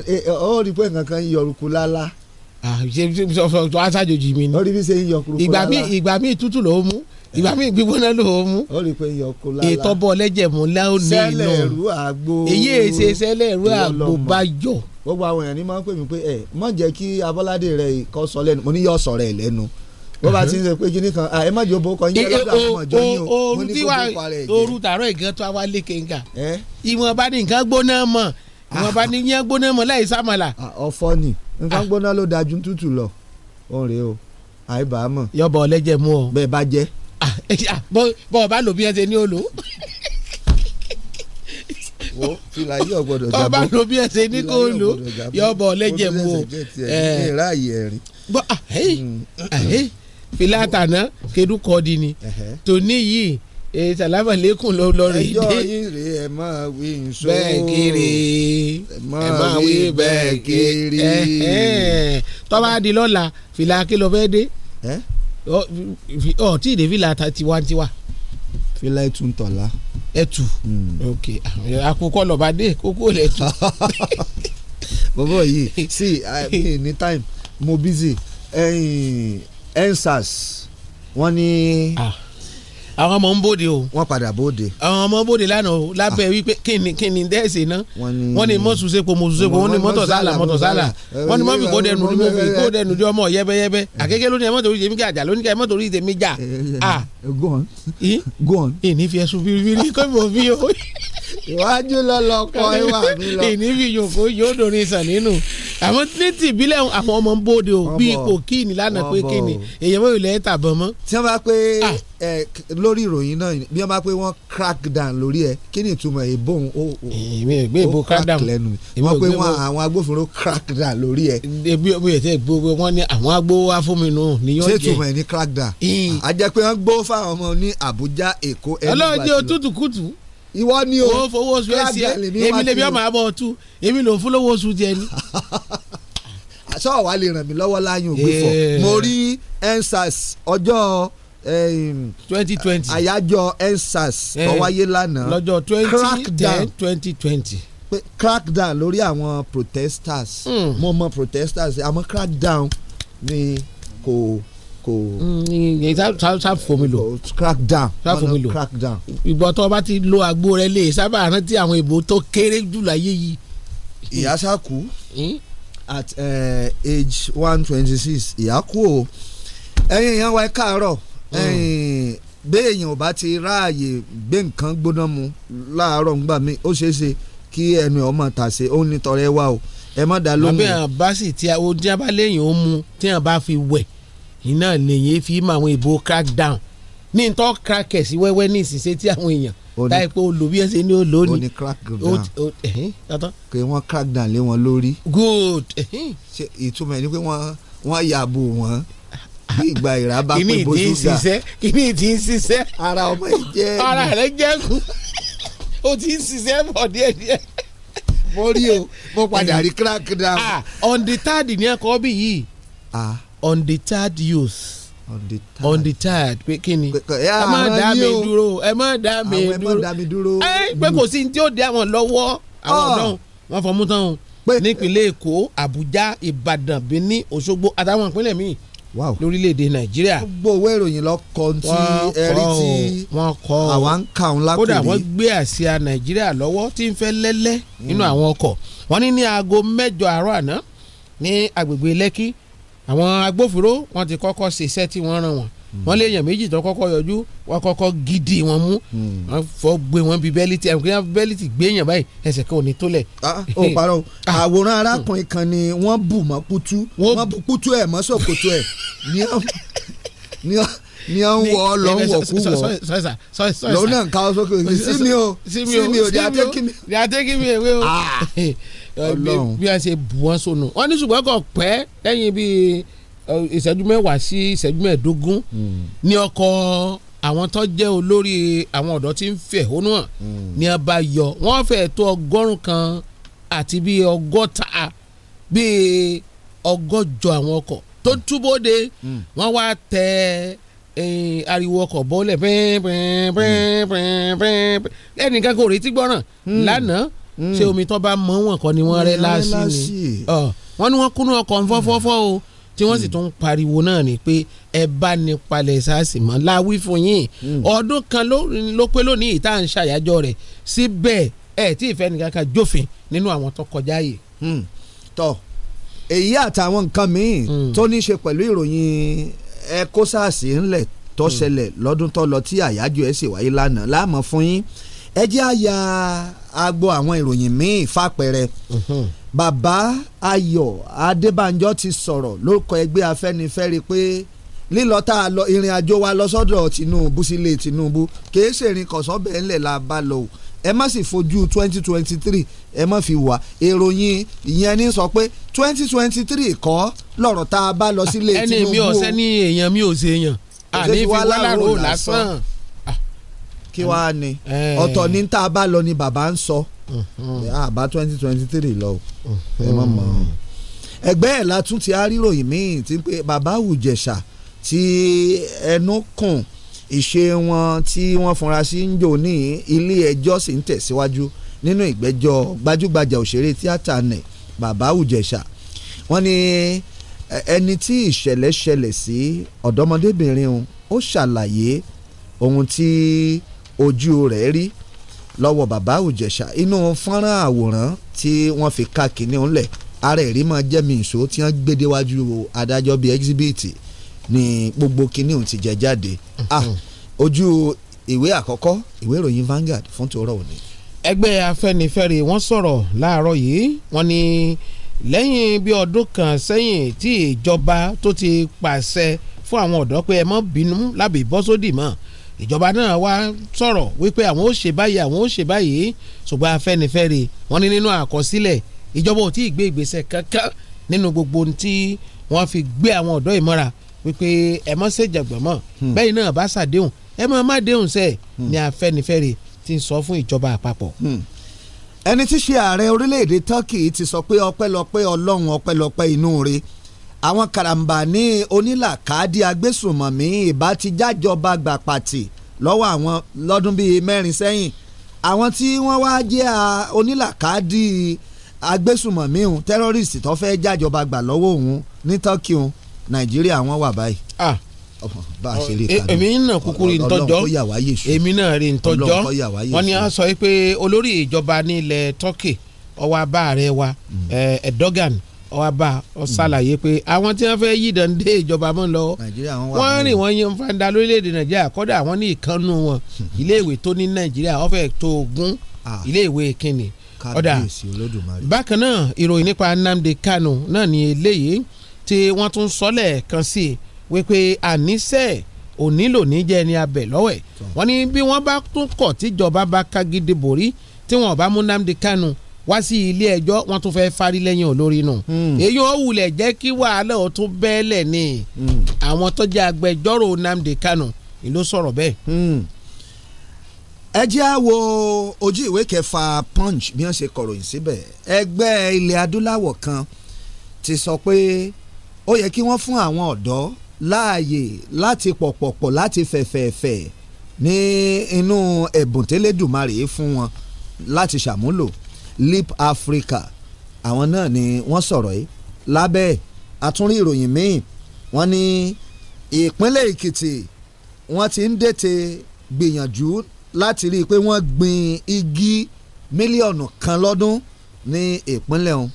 ó e, rí pé nǹkan kan yọrùkú lálá. Ah, sọ aṣáájòjì mi ni. ó rí bí ṣe ń yọkùrú kó lálá. ìgbà mi, tútù ló mú ìgbà míì gbígbóná ló mú. ó rí pé yọkùrú lálá. ètò bọ́ lẹ́jẹ̀mú láò ní iná. sẹ́lẹ̀ ẹ̀rú àgbo. èyí èsè sẹ́lẹ̀ ẹ̀rú àgbo bá yọ. gbogbo àwọn èèyàn ni máa ń pè mí pé ẹ mọ̀ jẹ́ kí abọ́ládé rẹ̀ kọ́ sọ lẹ́nu mo ní yọ sọ̀rọ̀ ẹ̀ lẹ́nu bó bá ti ń sọ pé jíní kan ẹ má jẹ́ òbó kan yín lọ́dọ̀ àwọn ọmọ ìjọ yín o mo ní kó kó parẹ́ jẹ́. ooru tààrọ̀ ìgan tó wá lé kéńgà ìwọ̀nba ni nǹkan gbóná mọ̀ ìwọ̀nba ni yẹn gbóná mọ̀ láì sàmàlà. ọ̀fọ̀ ni nǹkan gbóná ló dájú tútù lọ òun rèé o àìbámọ̀. yọbọ ọlẹjẹ mú ọ. bẹ́ẹ̀ bá jẹ. bọ́ọ̀ bá lò bí ẹ ṣe ní òòlù wo fìlà yìí ọgbọdọ jábọ ọba ló bí ẹsẹ ní kó lò yọ ọbọ lẹjẹ mu o ẹ ẹ ráàyè ẹrin filata náà kedu ni tòní yìí e, sàlámà lẹ́kùn lọ rìn dé. ẹjọ́ yìí rè é máa wí nsó. bẹ́ẹ̀ kiri ẹ máa wí bẹ́ẹ̀ kiri. tọ́ba di lọ́la fìlà kìlọ̀ fẹ́ dé ọ tí ìdè fìlà tiwantiwa. fìlà ẹtùn tọ̀la. ẹtù hmm. ok àkókò lọ́ba dé kókó lẹ́tù. <laughs> bọ́bọ̀ yìí sí i ní time mo busy. Hey ensars wọ́n ní. Ah. àwọn ọmọ ń bòde o. wọ́n padà bòde. àwọn ọmọ bòde lánàá o lábẹ́ ah. wípé kíni kíni dẹ́sẹ̀ náà. wọ́n ní mọ́tò sepo mọ́tò sepo wọ́n ní mọ́tò sálà mọ́tò sálà wọ́n ní mọ́fì kó dẹnu ní mọ́fì kó dẹnu ní ọmọ yẹ́bẹ́yẹ́bẹ́ eh. àkẹ́kẹ́ ló ní ẹ mọ́tò orí tèmi jà ló ní ká ẹ mọ́tò orí tèmi jà. Eh, eh, ah. go on. go on. ìní fi ẹ̀sùn bíbí ní kó iwájú lọlọkọ ìwà mi lọ. ìní fi yòókó yóò dorin sàn nínú àwọn ní ti ìbílẹ̀ àwọn ọmọ ń bóde o bíi òkì ní lánàá pé kí ni èyàn wọ́n ilẹ̀ tàbọ̀ mọ́. tí wọ́n bá pé ah. lórí ìròyìn náà bí wọ́n bá pé wọ́n crack down lórí ẹ̀ kí ni ìtumọ̀ ìbò ń ó ó crack lẹ́nu wọ́n pé wọ́n àwọn agbófinró crack down lórí ẹ̀. ebi omi ètè gbogbo wọn ni àwọn agbówó afúnminú ni yóò jẹ. ṣé ìtumọ̀ ẹ̀ ní crack down. a jẹ́ pé wọ́n gbó fáwọn ọmọ ní Àbújá Èkó. ọlọ́run jẹ́ òtútù kùtù ìwọ ni o ó fowó oṣù ẹ sí ẹ èmi lè bí ọmọ àbọ̀ ọtú èmi lò fún lówó oṣù tiẹ̀ ni. <laughs> aṣọ àwa lè ràn mí lọ́wọ́ láyún ògbé fọ mo rí ensars ọjọ́ twenty twenty àyájọ́ ensars tó eh, lánàá lọ́jọ́ twenty ten twenty twenty pé crackdown lórí àwọn protesters hmm. mo mọ protesters àmọ́ crackdown ni kò kò. ṣá mm, fomi lò. crack down. ṣá fomi lò crack down. ìgbọ́ tó o bá ti lo àgbo rẹ lè sábà rántí àwọn ìbò tó kéré jù láyé yìí. ìyá ṣá hmm? at uh, age one twenty six ìyá kú o ẹ̀yin èèyàn wa ẹ káàárọ̀ hmm. béèyàn ò bá ti ráàyè gbé nǹkan gbóná mu láàárọ̀ ńgbà mi ó ṣeé ṣe kí ẹnu ọmọ tàṣe ó ní tọrẹ wá o ẹ má dá lóhùn. àbẹ́ àbá sì tí a ó abá lẹ́yìn ó mu tí a bá fi wẹ̀ iná lèyìn fi mọ àwọn ìbò crackdown ní n tó crackẹ̀ sí wẹ́wẹ́ ní ìsinsẹ́ tí àwọn èèyàn táyì pé olùbí ẹsẹ̀ ni ó lónìí. ó ní crackdown pé wọ́n crackdown lé wọn lórí. good. ṣe ìtumọ̀ ẹ̀ ni pé wọ́n wọ́n yàbò wọn bí ìgbà ìrà bá pé bó ṣúgà kìíní ti ń ṣiṣẹ́ ara ọmọ ẹ jẹ́ ara rẹ jẹ́ kù ó ti ń ṣiṣẹ́ bọ̀ díẹ̀ díẹ̀. mo rí o mo padà rí crackdown. Ah, on the third ní ẹ̀kọ́ bí yìí. Ah undeterred youth undeterred pé kí ni ẹ má dá mi dúró ẹ má dá mi dúró ẹ pé kò sí ní tí ó dé àwọn lọ́wọ́ àwọn ah. ọ̀dọ́ wọn fọmú tán o nípínlẹ̀ èkó àbújá ìbàdàn bíní òṣogbo àtàwọn ìpínlẹ̀ míì lórílẹ̀‐èdè nàìjíríà. gbogbo owó ìròyìn lọ kọ tí ẹrí tí àwa ń kà ń lápèlé. kódà wọ́n gbé àsíá nàìjíríà lọ́wọ́ tí ń fẹ́ lẹ́lẹ́ nínú hmm. àwọn ọkọ̀ wọ́n ní ní aago mẹ́jọ àárọ̀ àná ní agbègbè lẹ́kí àwọn agbófinró wọ́n ti kọ́kọ́ ṣe iṣẹ́ tí wọ́n rán wọn wọ́n lé èèyàn méjì tó kọ́kọ́ yọjú wọ́n kọ́kọ́ gidi wọn mú wọ́n fọ́ gbé wọn bíi bẹ́lítì ẹ̀kúnyà bẹ́lítì gbé èèyàn báyìí ẹsẹ̀ kan ò ní tólẹ̀. ó parọ́ àwòrán arákùnrin kan ni wọ́n bù mọ́ kútú wọ́n bù kútú ẹ̀ mọ́ ṣòkòtò ẹ̀ ní ọ́ ni ọ ń wọ ọ lọ ń wọ kú wọ lọ náà ń ká ọ sókè sí mi o sí mi o di atẹ́kí mi. di atẹ́kí bí wọ́n ṣe bù wọ́n sọnù wọ́n ní ṣùgbọ́n kò pẹ́ lẹ́yìn bíi ìṣẹ́jú mẹ́wàá sí ìṣẹ́jú mẹ́ẹ̀ẹ́dógún hmm. ní ọkọ̀ àwọn tó jẹ́ olórí àwọn ọ̀dọ́ tí ń fẹ̀hónú hàn hmm. ní ọba yọ wọ́n fẹ́ tó ọgọ́rùn kan àti bíi ọgọ́ta bíi ọgọ́jọ àwọn ọkọ̀ tó hmm. túbóde wọ́n wá tẹ ariwo ọkọ̀ bọ́lẹ̀ pẹ́ẹ́pẹ́ẹ́pẹ́ẹ́pẹ́ẹ́pẹ́ Mm. ṣé omi tó bá mọ́ wọn kọ́ ni wọ́n rẹ́ láàsì ni wọ́n ní wọ́n kúnú ọkọ̀ fọ́fọ́fọ́ o tí wọ́n sì mm. tún ń pariwo náà ni pé ẹ bá ní palẹ̀ sars mọ́ láwí fún yín mm. ọdún kan ló pé lónìí tá à ń ṣàyájọ́ rẹ̀ síbẹ̀ ẹ tí ìfẹ́ nìkan kan jófin nínú àwọn tó kọjá yìí. Hmm. tọ èyí àtàwọn nǹkan míì hmm. tó ní í ṣe pẹ̀lú ìròyìn ẹ kó sars ńlẹ̀ tó hmm. ṣẹlẹ̀ lọ́dún tó lọ tí àyájọ́ ẹ̀ sì wáyé lánàá láàmú fún yín ẹ jẹ́ àyà a gbọ́ àwọn ìròyìn míì fàpẹrẹ mhm. bàbá Ayọ̀ Adébánjọ ti sọ̀rọ̀ lórúkọ ẹgbẹ́ Afẹ́nifẹ́re pé lílọ tá a lọ ìrìn àjò wa lọ sọ́dọ̀ Tinubu sílé Tinubu kì í ṣèrìn kọ̀sán bẹ́ẹ̀ ńlẹ̀ la bá lọ o ẹ má sì fojú twenty ẹ má fi wà èròyìn ìyẹn ní sọ pé twenty twenty three kọ́ lọ́rọ̀ tá a bá lọ sílé Tinubu o ẹni mi ọ̀sẹ́ ní èèyàn mi ò ṣe èèyàn àní fi wá lárò lásán kí wàá ni eh. ọ̀tọ̀ ní tá a bá lọ ni bàbá ń sọ àbá mm-hmm. ah, twenty twenty three lọ mm-hmm. ẹ mọ̀ mọ́ ẹgbẹ́ ẹ̀ la tún ti aríròyìn míì tí pé bàbá Ìjẹ̀ṣà tí ẹnu kùn ìṣe wọn tí wọ́n fúnra sí ń jò ní ilé ẹjọ́ sì ń tẹ̀síwájú nínú ìgbẹ́jọ́ gbajúgbajà òṣèré tíátà nẹ̀ bàbá Ìjẹ̀ṣà wọ́n ní ẹni tí ìṣẹ̀lẹ̀ ṣẹlẹ̀ sí ọ̀dọ́mọdébìnrin ó ṣàlàyé ohun tí ojú rẹ̀ rí lọ́wọ́ bàbá òjẹ̀ṣà inú fọ́nrán àwòrán tí wọ́n fi ká kínní ńlẹ̀ ara ẹ̀rí máa jẹ́ mi ìṣó tí wọ́n gbé déwájú adájọ́ bíi exhibit ni gbogbo kínní òun ti jẹ jáde ah ojú ìwé àkọ́kọ́ ìwé ìròyìn Vanguard fún tòórọ́ òní. ẹgbẹ́ afẹ́nifẹ́re wọ́n sọ̀rọ̀ láàárọ̀ yìí wọ́n ní lẹ́yìn bí ọdún kan sẹ́yìn tí ìjọba tó ti pàṣẹ fún àwọn ọ̀dọ́ pé ẹ má bínú lábẹ́ ìbọ́sódì mọ́ ìjọba náà wá sọ̀rọ̀ wípé àwọn ó ṣe báyìí àwọn ó ṣe báyìí ṣùgbọ́n afẹ́nifẹ́re wọ́n ní nínú àkọsílẹ̀ ìjọba ò tí ì gbé ìgbésẹ̀ kankan nínú gbogbo tí wọ́n fi gbé àwọn ọ̀dọ́ ìmọ́ra wípé ẹ mọ́ ṣèjàgbọ́n hmm. mọ́ bẹ́ẹ̀ náà bá ṣàdéhùn ẹ mọ́ má déhùn sẹ́ẹ̀ hmm. ni afẹ́nifẹ́re ti sọ fún ìjọba àpapọ̀. Hmm. ẹni tí ṣe ààrẹ orílẹ̀-èdè Turkey ti sọ pé ọpẹ́lọpẹ́ Ọlọ́run ọpẹ́lọpẹ́ inú rẹ̀ àwọn karambà ní onílàkàdí agbésùnmọ̀mí ìbá ti jájọba gbà pàtì lọ́wọ́ àwọn lọ́dún bíi mẹ́rin sẹ́yìn àwọn tí wọ́n wá jẹ́ onílàkàdí agbésùnmọ̀mí òun tẹ́rọ́rìsì tó fẹ́ jájọba gbà lọ́wọ́ òun ní Turkey òun Nàìjíríà wọ́n wà báyìí. ah bá a ṣe lè ta ni èmi náà kúkú rí ntọ́jọ́ èmi náà rí ntọ́jọ́ wọ́n ní a sọ pé olórí ìjọba ní ilẹ̀ Turkey ọwọ́ abá rẹ̀ wa Erdogan mm. eh, ọba ọsàlàyé pé àwọn tí wọ́n fẹ́ yí dande ìjọba mọ́ lọ wọ́n rìn wọ́n yẹn fanda lórílẹ̀‐èdè nàìjíríà kọ́dà àwọn ní ìkànnù wọn <laughs> iléèwé tó ní nàìjíríà wọ́n fẹ́ tó ogún ah. iléèwé kínní ọ̀dà bákan náà ìròyìn nípa Nnamdi Kanu náà ní eléyìí tí wọ́n tún sọ́lẹ̀ kan sí wípé àníṣe òní lò ní abẹ lọ́wẹ̀ wọ́n ní bí wọ́n bá tún kọ̀ tíjọba bá kagídé borí tí wọ́n bá mú Nnamdi Kanu wá sí ilé ẹjọ́ wọ́n tún fẹ́ fárí lẹ́yìn olórí nù. Hmm. èyí ó wulẹ̀ jẹ́ kí wàhálà ó tún bẹ́ẹ̀lẹ̀ ni hmm. àwọn tó jẹ́ agbẹjọ́rò Nnamdi Kanu ni ló sọ̀rọ̀ bẹ́ẹ̀. Hmm. ẹ jẹ́ á wo ojú ìwé kẹfà punch bí wọ́n ṣe kọ̀ròyìn síbẹ̀ ẹgbẹ́ ilẹ̀ adúláwọ̀ kan ti sọ pé ó yẹ kí wọ́n fún àwọn ọ̀dọ́ láàyè láti pọ̀pọ̀pọ̀ láti fẹ̀fẹ̀fẹ̀ ní inú ẹ̀bùn tẹ́lẹ̀dùmarè fún wọn láti ṣàmúlò Leap Africa àwọn náà ni wọ́n sọ̀rọ̀ yìí lábẹ́ àtúnrí ìròyìn míì wọ́n ní ìpínlẹ̀ Èkìtì wọ́n ti ń dètè gbìyànjú láti rí i pé wọ́n gbin igi mílíọ̀nù kan lọ́dún ní ìpínlẹ̀ ọ̀hún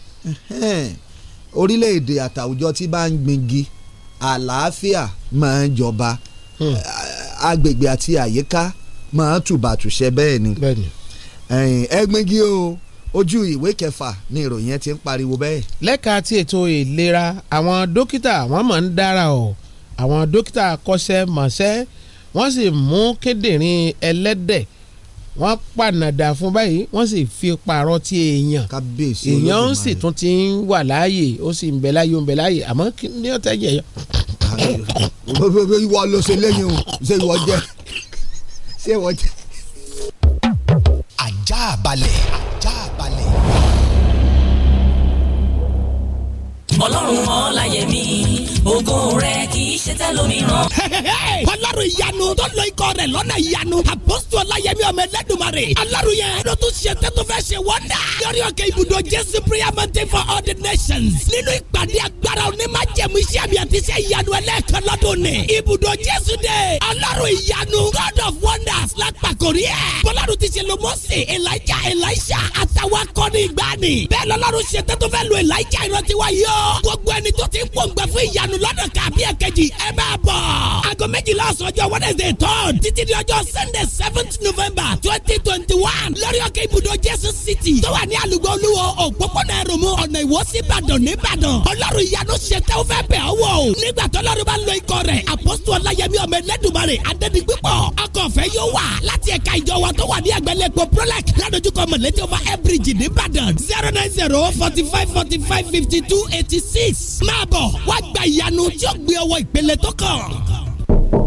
orílẹ̀-èdè àtàwùjọ tí bá ń gbingi àlàáfíà máa ń jọba hmm. agbègbè àti àyíká máa ń tùbàtùṣẹ́ bẹ́ẹ̀ ni ẹ̀gbingi o ojú ìwé kẹfà ni ìròyìn yẹn ti ń pariwo bẹ́ẹ̀. lẹ́ka ti ètò ìlera àwọn dókítà wọ́n mọ̀ ń dára o àwọn dókítà kọ́ṣẹ́ mọ̀ṣẹ́ wọ́n sì mú kíndìnrín ẹlẹ́dẹ̀ wọ́n pànàdà fún báyìí wọ́n sì fi pààrọ̀ ti èèyàn èèyàn ó sì tún ti ń wà láàyè ó sì ń bẹ láàyè ó ń bẹ láàyè àmọ́ kí ni ó tẹ́jẹ̀ yọ. ìwọ ló ṣe lẹ́yìn o ṣé ìwọ jẹ́ ṣé ìwọ jẹ́. ajá balẹ̀. ọlọ́run ọláyẹmí ogun rẹ kì í ṣe tẹlòmíràn. ọlọ́run ìyanu tó lọ ikọ̀ rẹ̀ lọ́nà ìyanu àpòsù ọláyẹmí ọmọ ẹlẹ́dùnmarè ọlọ́run yẹn ló tún ṣe tẹ́tù fẹ́ ṣe wọ́ndà. lórí òkè ibùdó jésù prayer mountain for all the nations nínú ìpàdé agbára onímájẹ̀mú iṣẹ́ àmì àti iṣẹ́ ìyanu ẹlẹ́ẹ̀kan lọ́dún ni ibùdó jésù dé ọlọ́run ìyanu god of wonders lápàkórí ẹ̀. bọ́lárù ti ṣe lo mọ́sẹ̀ elijah elisha àtàwọn akọni ìgbani bẹ́ẹ̀ lọ́lọ́run ṣe tẹ́tù fẹ́ lo elijah ìrántí wa yóò lọ. gbogbo ẹni tó ti ń pòǹgbẹ fún ìyanu lọ́dọ̀ kàbí ẹ̀kejì ẹ máa bọ̀. aago méjìlá ọ̀sán ọjọ́ wednesday third títí di ọjọ́ sunday seventh november twenty twenty one lórí òkè ibùdó jésù city tó wà ní àlùgbò olúwo òpópónà ẹ̀rọ̀mù ọ̀nà ìwó sí ìbàdàn nìbàdàn ọlọ́run ìyanu ṣe tẹ́ o fẹ́ bẹ̀ ọ́ wò ó nígbà tó lọ́run bá lo ikọ̀ rẹ̀ àpọ́sù ọláyẹmí ọmọ ẹlẹ́dùnmarè adẹ́dìgbípọ̀ ọkọ̀ ọ̀fẹ́ yóò wà láti ẹ̀ka ìjọ wa tó wà ní àgbẹ̀lẹ̀pọ̀ prolac ládojúkọ mọ̀lẹ́tì over air bridge nìbàdàn zero nine zero forty five forty five fifty two eighty twenty six máa bọ̀ wá gba ìyanu tí ó gbé ọwọ́ ìpele tó kàn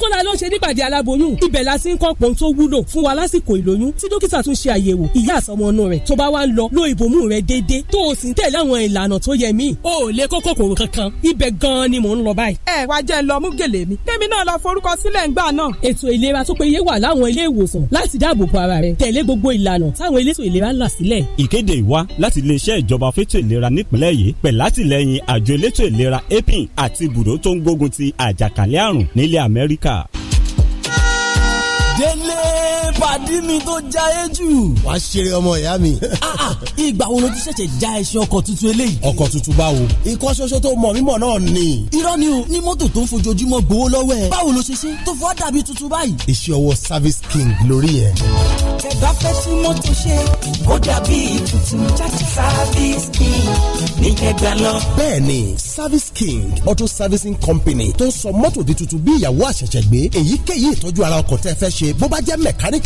kọ́lá ló ṣe nípàdé aláboyún ibẹ̀ la sì ń kọ́ pọ́n tó wúlò fún wa lásìkò ìlóyún tí dókítà tún ṣe àyẹ̀wò ìyá àsọmọnú rẹ̀ tó bá wá ń lọ lo ìbomú rẹ̀ déédéé tó o sì ń tẹ̀lé àwọn ìlànà tó yẹ mí. o ò lè kó kòkòrò kankan ibẹ̀ gan-an ni mò ń lọ báyìí. ẹ wá jẹ́ lọ mú gèlè mi kémi náà lọ forúkọ sílẹ̀ ńgbà náà. ètò ìlera tó péye wà láwọn ilé ìwòsàn láti dáàbò bo ara rẹ tẹ̀lé gbogbo ìlànà táwọn elétò ìlera là sílẹ̀. ìkéde ìwá láti iléeṣẹ́ ìjọba fétò ìlera nípìnlẹ̀ yìí pẹ̀lú látìlẹ́yìn àjọ elétò ìlera apin àti ibùdó tó ń gbógun ti àjàkálẹ̀ àrùn nílẹ̀ Amẹ́ríkà Amẹ́ríkà. pàdí mi tó já e jù. wà á ṣeré ọmọ ìyá mi. Ah, ah, ìgbà wo ló ti ṣẹ̀ṣẹ̀ já ẹṣin ọkọ̀ tuntun eléyìí. ọkọ̀ tuntun báwo. ikọ́ ṣoṣo tó mọ̀ mímọ̀ náà ni. irọ́ ni o ní mọ́tò tó ń fojoojúmọ́ gbowó lọ́wọ́ ẹ̀. báwo ló ṣe ṣe tó fọ́ dàbí tuntun báyìí. iṣẹ́ ọwọ́ service king lórí yẹn. ẹ bá fẹ́ sí mọ́tò ṣe kó dàbí tuntun service king service king auto servicing company tó ń sọ mọ́tò di tuntun bí ìyàwó àṣẹ̀ṣẹ̀ gbé èyíkéyìí ìtọ́jú ara ọkọ̀ tẹ́ fẹ́ ṣe bó bá jẹ́ mẹkáníkì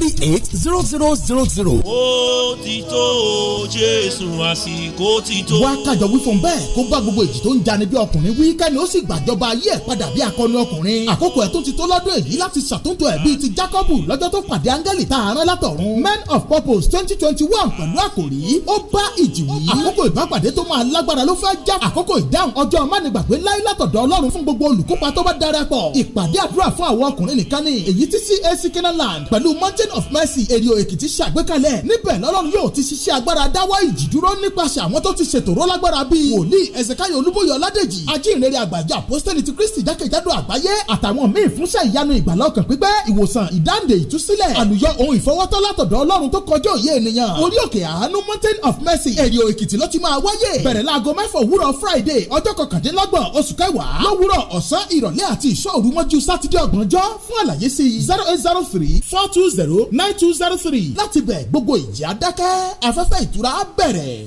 three eight zero zero zero zero. ó ti tó jésù àsìkò ti tó. wá kájọ wí fún bẹ́ẹ̀ kó bá gbogbo èjì tó ń jani bí ọkùnrin wí kẹ́ni ó sì gbàjọba ayé ẹ̀ padà bí akọni ọkùnrin. àkókò ẹ̀ tó ti tó lọ́dún èyí láti ṣàtúntò ẹ̀ bíi ti jákọ́bù lọ́jọ́ tó pàdé áńgẹ́lì tá a rán látọ̀run. men of purpose twenty twenty one pẹ̀lú àkòrí ó bá ìjì wí. àkókò ìbápàdé tó máa lágbára ló fẹ́ já. àkókò ìdáhùn ọjọ́ mánigbàgbé láyé látọ̀dọ̀ ọlọ́run fún gbogbo olùkópa tó bá darapọ̀. ìpàdé àdúrà fún àwọn ọkùnrin nìkan ni èyí tí cac kenaland pẹ̀lú mountain of mercy èrìò èkìtì ṣàgbékalẹ̀ níbẹ̀ lọ́lọ́run yóò ti ṣiṣẹ́ agbára dáwọ́ ìjì dúró nípasẹ̀ àwọn tó ti ṣètò rólágbára bíi wòlíì ẹ̀sẹ̀káyọ̀ olúbóyọ̀ ládèjì ajínrere àgbàjọ àpọ́sítẹ́lì ti kristi jákèjádò àgbáyé àtàwọn míì fúnṣẹ́ ìyanu ìgbàlá ọkàn pípẹ́ ìwòsàn ìdáǹdè ìtúsílẹ̀ àlùyọ ohun ìfọwọ́tọ́ látọ̀dọ̀ ọlọ́run tó kọjá òye ènìyàn orí òkè àánú mountain of mercy èrìò èkìtì ló ti máa wáyé bẹ̀rẹ̀ láago mẹ́fà òwúrọ̀ friday ọjọ́ kọkàndínlọ́gbọ̀n oṣù kẹwàá lówùrọ̀ ọ̀sán ìrọ̀lẹ́ àti ìṣọ́ òru mọ́jú sátidé ọgbọ̀njọ́ fún àlàyé sí zero eight zero three four two zero nine two zero three láti bẹ̀ gbogbo ìjà dákẹ́ afẹ́fẹ́ ìtura bẹ̀rẹ̀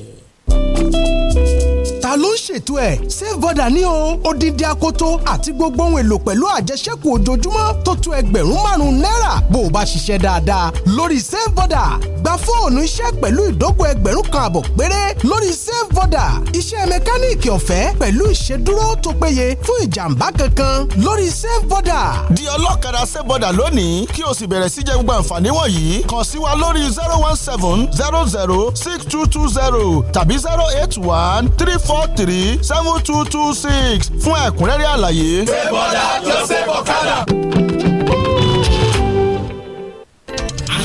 ta ló ń ṣètò ẹ̀ Safe Border ní o odindi akoto àti gbogbo ohun èlò pẹ̀lú àjẹsẹ́kù ojoojúmọ́ tó tó ẹgbẹ̀rún márùn-ún náírà bó o bá ṣiṣẹ́ dáadáa lórí Safe Border gba fóònù iṣẹ́ pẹ̀lú ìdógò ẹgbẹ̀rún kan àbọ̀ péré lórí Safe Border iṣẹ́ mẹkáníìkì ọ̀fẹ́ pẹ̀lú ìṣèdúró tó péye fún ìjàmbá kankan lórí Safe Border. di ọlọ́kadà Safe Border lónìí kí o sì bẹ̀rẹ̀ sí jẹ gbogbo àǹfààní wọ̀nyí kàn sí wa lórí zero one seven zero zero six two two zero tàbí zero eight one three four three seven two two six fún ẹ̀kúnrẹ́rẹ́ àlàyé. ṣé bọ́dà lọ ṣe bọ̀kadà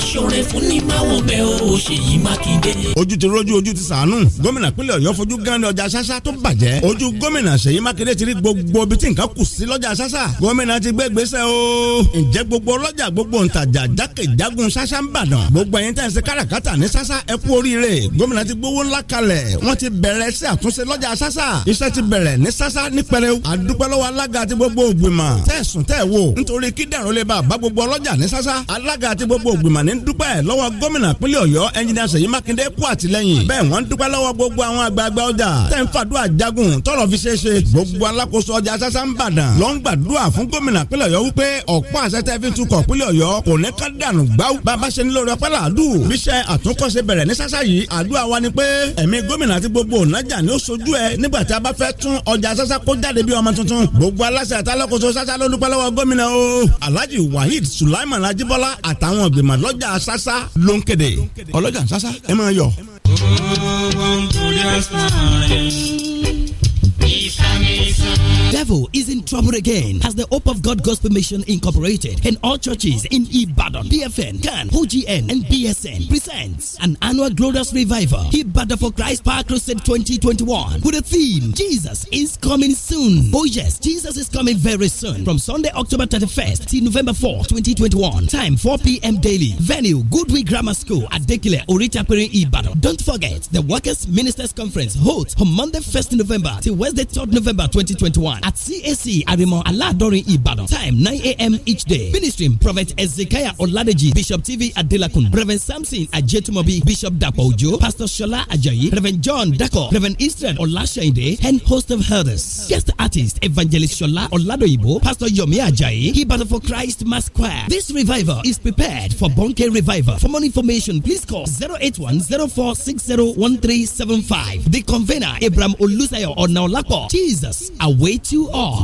aṣọre fún ní máa wọ bẹ́ẹ̀ o Ṣèyí Mákindé. ojú ti rọ́jú ojú ti sàánú gómìnà pínlẹ̀ Ọ̀yọ́ fojú gánni ọjà ṣáṣá tó bàjẹ́ ojú gómìnà Ṣèyí Mákindé ti rí gbogbo ibi tí nǹkan kù sí lọ́jà ṣáṣá gómìnà ti gbé gbèsè o ǹjẹ́ gbogbo ọlọ́jà gbogbo ntajà jákèjágun ṣáṣá ń bàdàn gbogbo ẹ̀yin tẹ̀ ń ṣe káràkátà ní ṣáṣá ẹ kú oríire gómìnà ti gbowó ńlá kalẹ̀ wọ́n ti bẹ̀rẹ̀ sí àtúnṣe lọ́jà ṣáṣá iṣẹ́ ti bẹ̀rẹ̀ ní ṣáṣá ní pẹrẹu àdúpẹ́ lọ́wọ́ alága àti gbogbo ògbìmọ̀ tẹ̀sùn tẹ̀ wò nítorí kí dẹ̀rùn lè bá gbogbo ọlọ́jà ní ṣáṣá alága àti gbogbo ògbìmọ̀ ní ń dúpẹ́ lọ́wọ́ gómìnà pínlẹ̀ ọ̀yọ́ ẹnjìnìà ṣèyí mákindé kú àtìlẹ́yìn bẹ́ẹ̀ wọ́n ń dúpẹ́ lọ́wọ́ gbogbo àwọn àgbààgbà ọjà tẹ́ ń fàdúrà jagun tọ́lọ̀ fi ṣe é ṣe gbogbo alákòóso ọjà sásá ń bàdàn ló ń gbàdúrà fún gómìnà pínlẹ̀ ọ̀yọ́ wípé ọ̀pọ̀ àṣẹ tẹ́ fi tukọ̀ pínlẹ̀ ọ̀yọ́ kò ní ká dànù gbáwó ni pé ẹ̀mí gómìnà àti gbogbo ònájà ni ó sojú ẹ nígbà tí a bá fẹ́ tún ọjà o alhaji waheed sulaiman ajibola àtàwọn ìgbìmọ̀ lọ́jà ọlọ́jà sásá ló ń ẹ máa yọ̀. gbogbo ohun tó lè Devil is in trouble again as the Hope of God Gospel Mission Incorporated and all churches in Ibadan, BFN, CAN, OGN, and BSN presents an annual glorious revival, Ibadan for Christ Park Crusade 2021, with a theme Jesus is coming soon. Oh, yes, Jesus is coming very soon from Sunday, October 31st till November 4th, 2021. Time 4 p.m. daily. Venue Goodwill Grammar School at Dekile, Orita Ibadan. Don't forget the Workers Ministers Conference holds on Monday, 1st November till Wednesday. Wednesday, rd November 2021 at CAC Arimo Aladori Ibadan. Time 9 a.m. each day. Ministering Prophet Ezekiah Oladeji, Bishop TV Adelakun, Reverend Samson Ajetumobi, Bishop Dapo Ojo, Pastor Shola Ajayi, Reverend John Dako, Reverend Eastern Olashainde, and host of others. Guest artist Evangelist Shola Oladoyibo, Pastor Yomi Ajayi, Ibadan for Christ Mass Choir. This revival is prepared for Bonke Revival. For more information, please call 081 0460 The convener, Abraham Olusayo Onaolapo. pọ̀. Jesus awaits you all.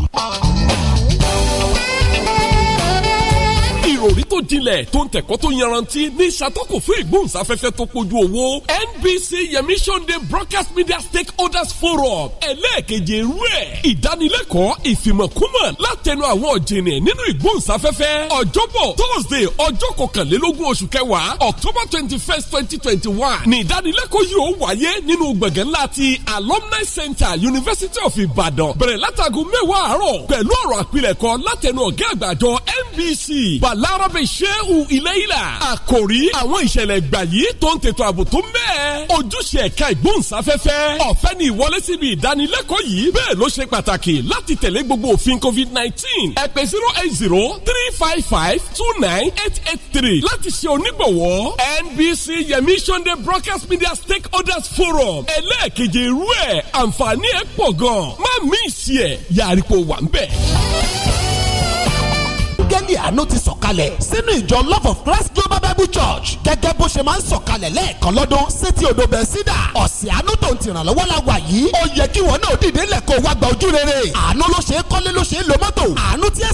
ìròrí tó jinlẹ̀ tó ń tẹ̀kọ́ tó yanrantí ní ìṣàtọ́kù fún ìgbóhùnsáfẹ́fẹ́ tó pojú owó NBC Yemi Sunday Broadcast Media Stakeholders Forum ẹlẹ́ẹ̀keje irú ẹ̀ ìdánilẹ́kọ̀ọ́ ìfìmọ̀kúmọ̀ látẹnu àwọn ọ̀jìnì nínú ìgbóhùnsáfẹ́fẹ́ ọjọ́bọ̀ Thursday ọjọ́ kọkànlélógún oṣù kẹwàá October twenty first twenty twenty one ní ìdánilẹ́kọ̀ọ́ yìí ó wáyé nínú gbọ̀ngàn ńlá ti Alumni Center University of Ibadan bẹ̀rẹ̀ látago mẹ́wàá àárọ̀ pẹ̀lú ọ̀rọ̀ àpilẹ̀kọ látẹnu ọ̀gá àgbàjọ NBC Bala arabe sheu ilayila àkòrí àwọn ìṣẹ̀lẹ̀ ìgbà yìí tó ń tètò ààbò tó ń bẹ́ẹ̀ ojúṣe ẹ̀ka ìgbóhùnsáfẹ́fẹ́ ọ̀fẹ́ ni ìwọlé síbi ìdánilẹ́kọ̀ọ́ yìí bẹ́ẹ̀ ló ṣe pàtàkì láti tẹ̀lé gbogbo òfin covid nineteen ẹ zero eight zero three five five two nine eight eight three láti ṣe onígbọ̀wọ́ NBC Yemi Sunday Broadcast Media Stakeholders Forum ẹlẹ́ẹ̀keje irú ẹ̀ àǹfààní ẹ̀ pọ̀ gan-an má mí ìsì ẹ̀ yàrá ipò áńgẹ́lì àánú ti sọ̀kalẹ̀ sínú ìjọ love of christ global bible church gẹ́gẹ́ bó ṣe máa ń sọ̀kalẹ̀ lẹ́ẹ̀kan lọ́dún sétí odò bẹ́sídà ọ̀sẹ̀ àánú tó ń tìrànlọ́wọ́ la wà yìí ó yẹ kí wọn náà dìde lẹ́kọ̀ọ́ wá gba ojú rere àánú ló ṣe é kọ́lé ló ṣe é lo mọ́tò àánú tí ẹ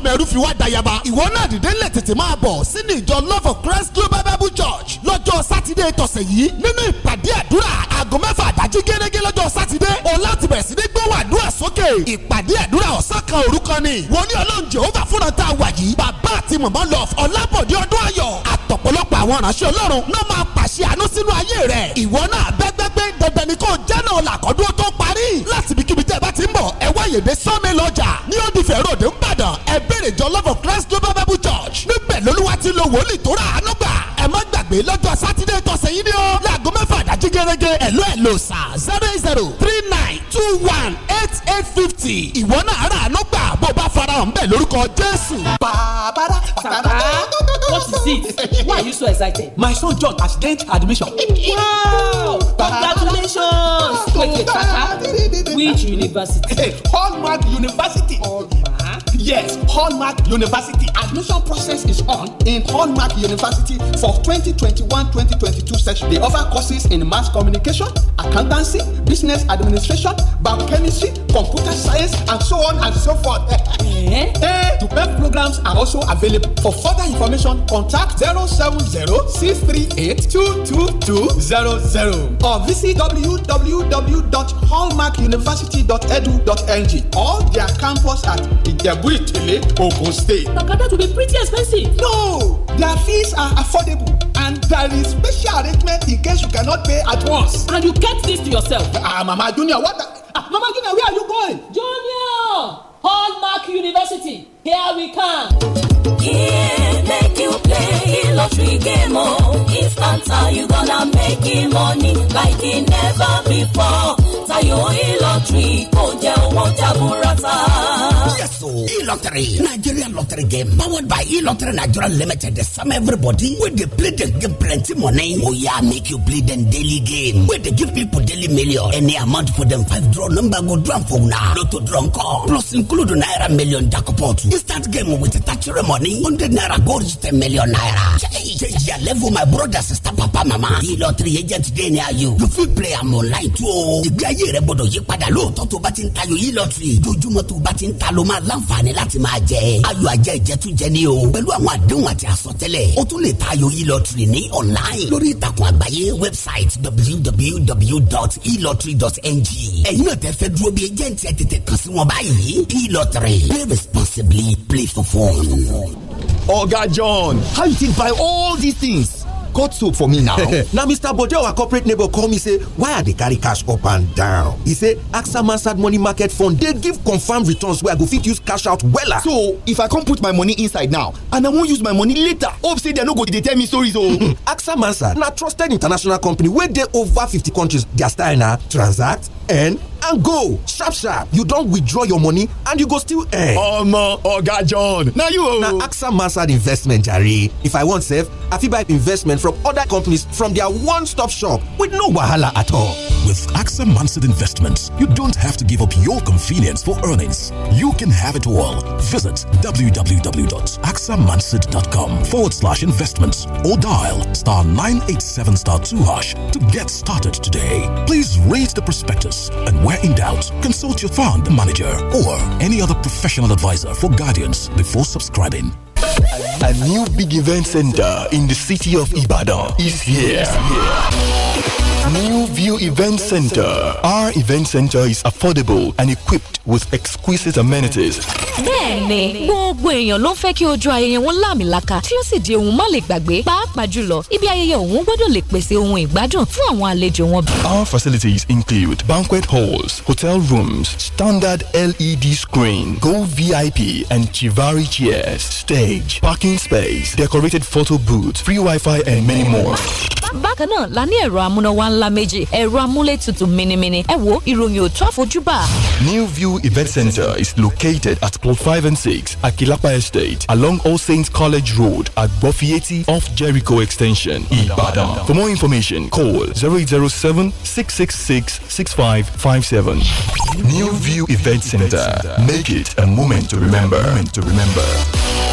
tọmọ ẹrú fi wá dayaba ìwọ náà dìde lè tètè máa bọ̀ sínú ìjọ love of Christ global bible church lọ́jọ́ sátidé tọ̀sẹ̀ yìí nínú ìpàdé àdúrà aago mẹ́fà àdájí gẹ́gẹ́ lọ́jọ́ sátidé o láti bẹ̀rẹ̀ sí ní gbóhùn àdúrà sókè ìpàdé àdúrà ọ̀sán kan òru kan ni wọ́n ní ọlọ́run jehova fúnra tá a wà yìí bàbá àti mọ̀mọ́ love ọlábọ̀dé ọdún ayọ̀ àtọ̀pọ̀lọpọ̀ àwọn ìránṣẹ́ ọlọ́run náà máa pàṣẹ àánú sínú ayé rẹ̀ ìwọ náà bẹ́gbẹ́gbẹ́ dandan ni kò jẹ́ náà làkọ́dún tó parí láti ibikíbi tẹ́ ẹ bá ti ń bọ̀ ẹ wáyé dé sọ́mi lọ́jà ní ó di fẹ́ràn òde ń bàdàn ẹ béèrè jọ love of Christ Global Bible Church níbẹ̀ lolúwa ti lo wòlíì tó rà àánú gbà ẹ má gbàgbé lọ́jọ́ sátidé tọ̀sẹ̀ yìí ni ó láago mẹ́fà dájú gẹ́gẹ́ ẹ̀lú ẹ̀lò sà zero eight zero three nine two one eight eight fifty ìwọ náà rà àánú gbà bó bá farahàn bẹ́ẹ̀ lórúkọ Jésù. bàbá bàbá what is it why are you so excited. my son John has gained admission. wow congratulations. wait wait kaka which university. hallmark university. Yes, Hallmark University admission process is on in Hallmark University for 2021-2022 session. They offer courses in mass communication, accountancy, business administration, biochemistry, computer science, and so on and so forth. eh? eh? The programs are also available. For further information, contact 070-638-22200 or visit www.hallmarkuniversity.edu.ng or their campus at Ijebu. Ìjẹ̀bú Ìtìlé, Ogun State. Bagada will be pretty expensive. No, their fees are affordable and there is special arrangement in case you cannot pay at once. And you kept this to yourself. Ah, Mama Junior, what? The... Ah, Mama Junior, where are you going? Junior, Hallmark University. Here we come. Yeah, make you play lottery game oh. If Fanta, you gonna make it money like it never before. Tayo e-lottery, kò jẹ́ owó oh, jaburata. Oh, oh, yes e-lottery, Nigerian lottery game powered by e-lottery Nigeria limited The sum everybody wey they play the game plenty money. Oh yeah, make you play the daily game wey they give people daily million. Any amount for them five draw number go draw for una. Lotto draw call plus include naira million jackpot. start game with Itachire money. hundred naira goes to million naira. Change your level, my brother, sister, papa, mama. The lottery agent dey near you. You fit play am online too o. Oh. Ìgbé ayé rẹ̀ you yí padà lóòótọ́ tó bá talo ń lottery. yí lọ́tìrì. Dojúmọ́ tó bá ti ń ta ló máa láǹfààní láti máa jẹ. Ayọ̀ ajẹ́ ìjẹ́tújẹ ni o. Pẹ̀lú àwọn àdéhùn àti àsọtẹ́lẹ̀, o tún lè lottery, yí lọ́tìrì ní online. Lórí ìtàkùn àgbáyé website www.elottery.ng. Ẹ̀yin náà tẹ́ fẹ́ dúró bí agent ẹ̀ tètè kàn sí wọn E-lottery, play responsibly play for fun. oga john how you think buy all these things. cut soap for me now. <laughs> Now, mr bode our corporate neighbor call me say why are they carry cash up and down. He say axa mansard money market fund They give confirmed returns where i go fit use cash out wella. so if i can't put my money inside now and i won't use my money later hope say dem no go dey tell me stories o. Oh. <laughs> axa mansard na trusted international company Where they over fifty countries They are starting na transact earn and go sharp sharp you don withdraw your money and you go still earn. omo oga john na you o. na axa mansard investment jare if i wan save i fit buy investment from other companies from their one-stop shop with no wahala at all. with axa mansard investments you don't have to give up your convenience for earnings you can have it all visit www.axamansard.com forward slash investments or dial star 987 star 2 hash to get started today please read the prospectus us. And where in doubt, consult your fund manager or any other professional advisor for guidance before subscribing. A new big event center in the city of Ibadan is here. New New View Event Center. Our event center is affordable and equipped with exquisite amenities. Bẹ́ẹ̀ni, gbogbo èèyàn ló ń fẹ́ kí ojú ayẹyẹ wọn láàmìlaka tí ó sì di ohun má lè gbàgbé. Pàápàá jùlọ, ibi ayẹyẹ òun gbọ́dọ̀ lè pèsè ohun ìgbádùn fún àwọn àlejò wọn. Our facilities include banquet halls, hotel rooms, standard LED screen, gold VIP and Chivari chairs, stage, parking space, decorated photo booth, free Wi-Fi and many more. Bákan náà, la ní ẹ̀rọ amúnáwá ńlá méjì méjì ẹ̀rọ amúlétutù minimini ẹ wo ìròyìn òtún àfojúbà. New View Event Center is located at plot five and six Akilapa Estate along All Saints College Road at Bofieti off Jericho Extension, Ibadan. For more information, call zero zero seven six six six six five five seven. New View Event Center. Make it a moment to remember. Moment to remember.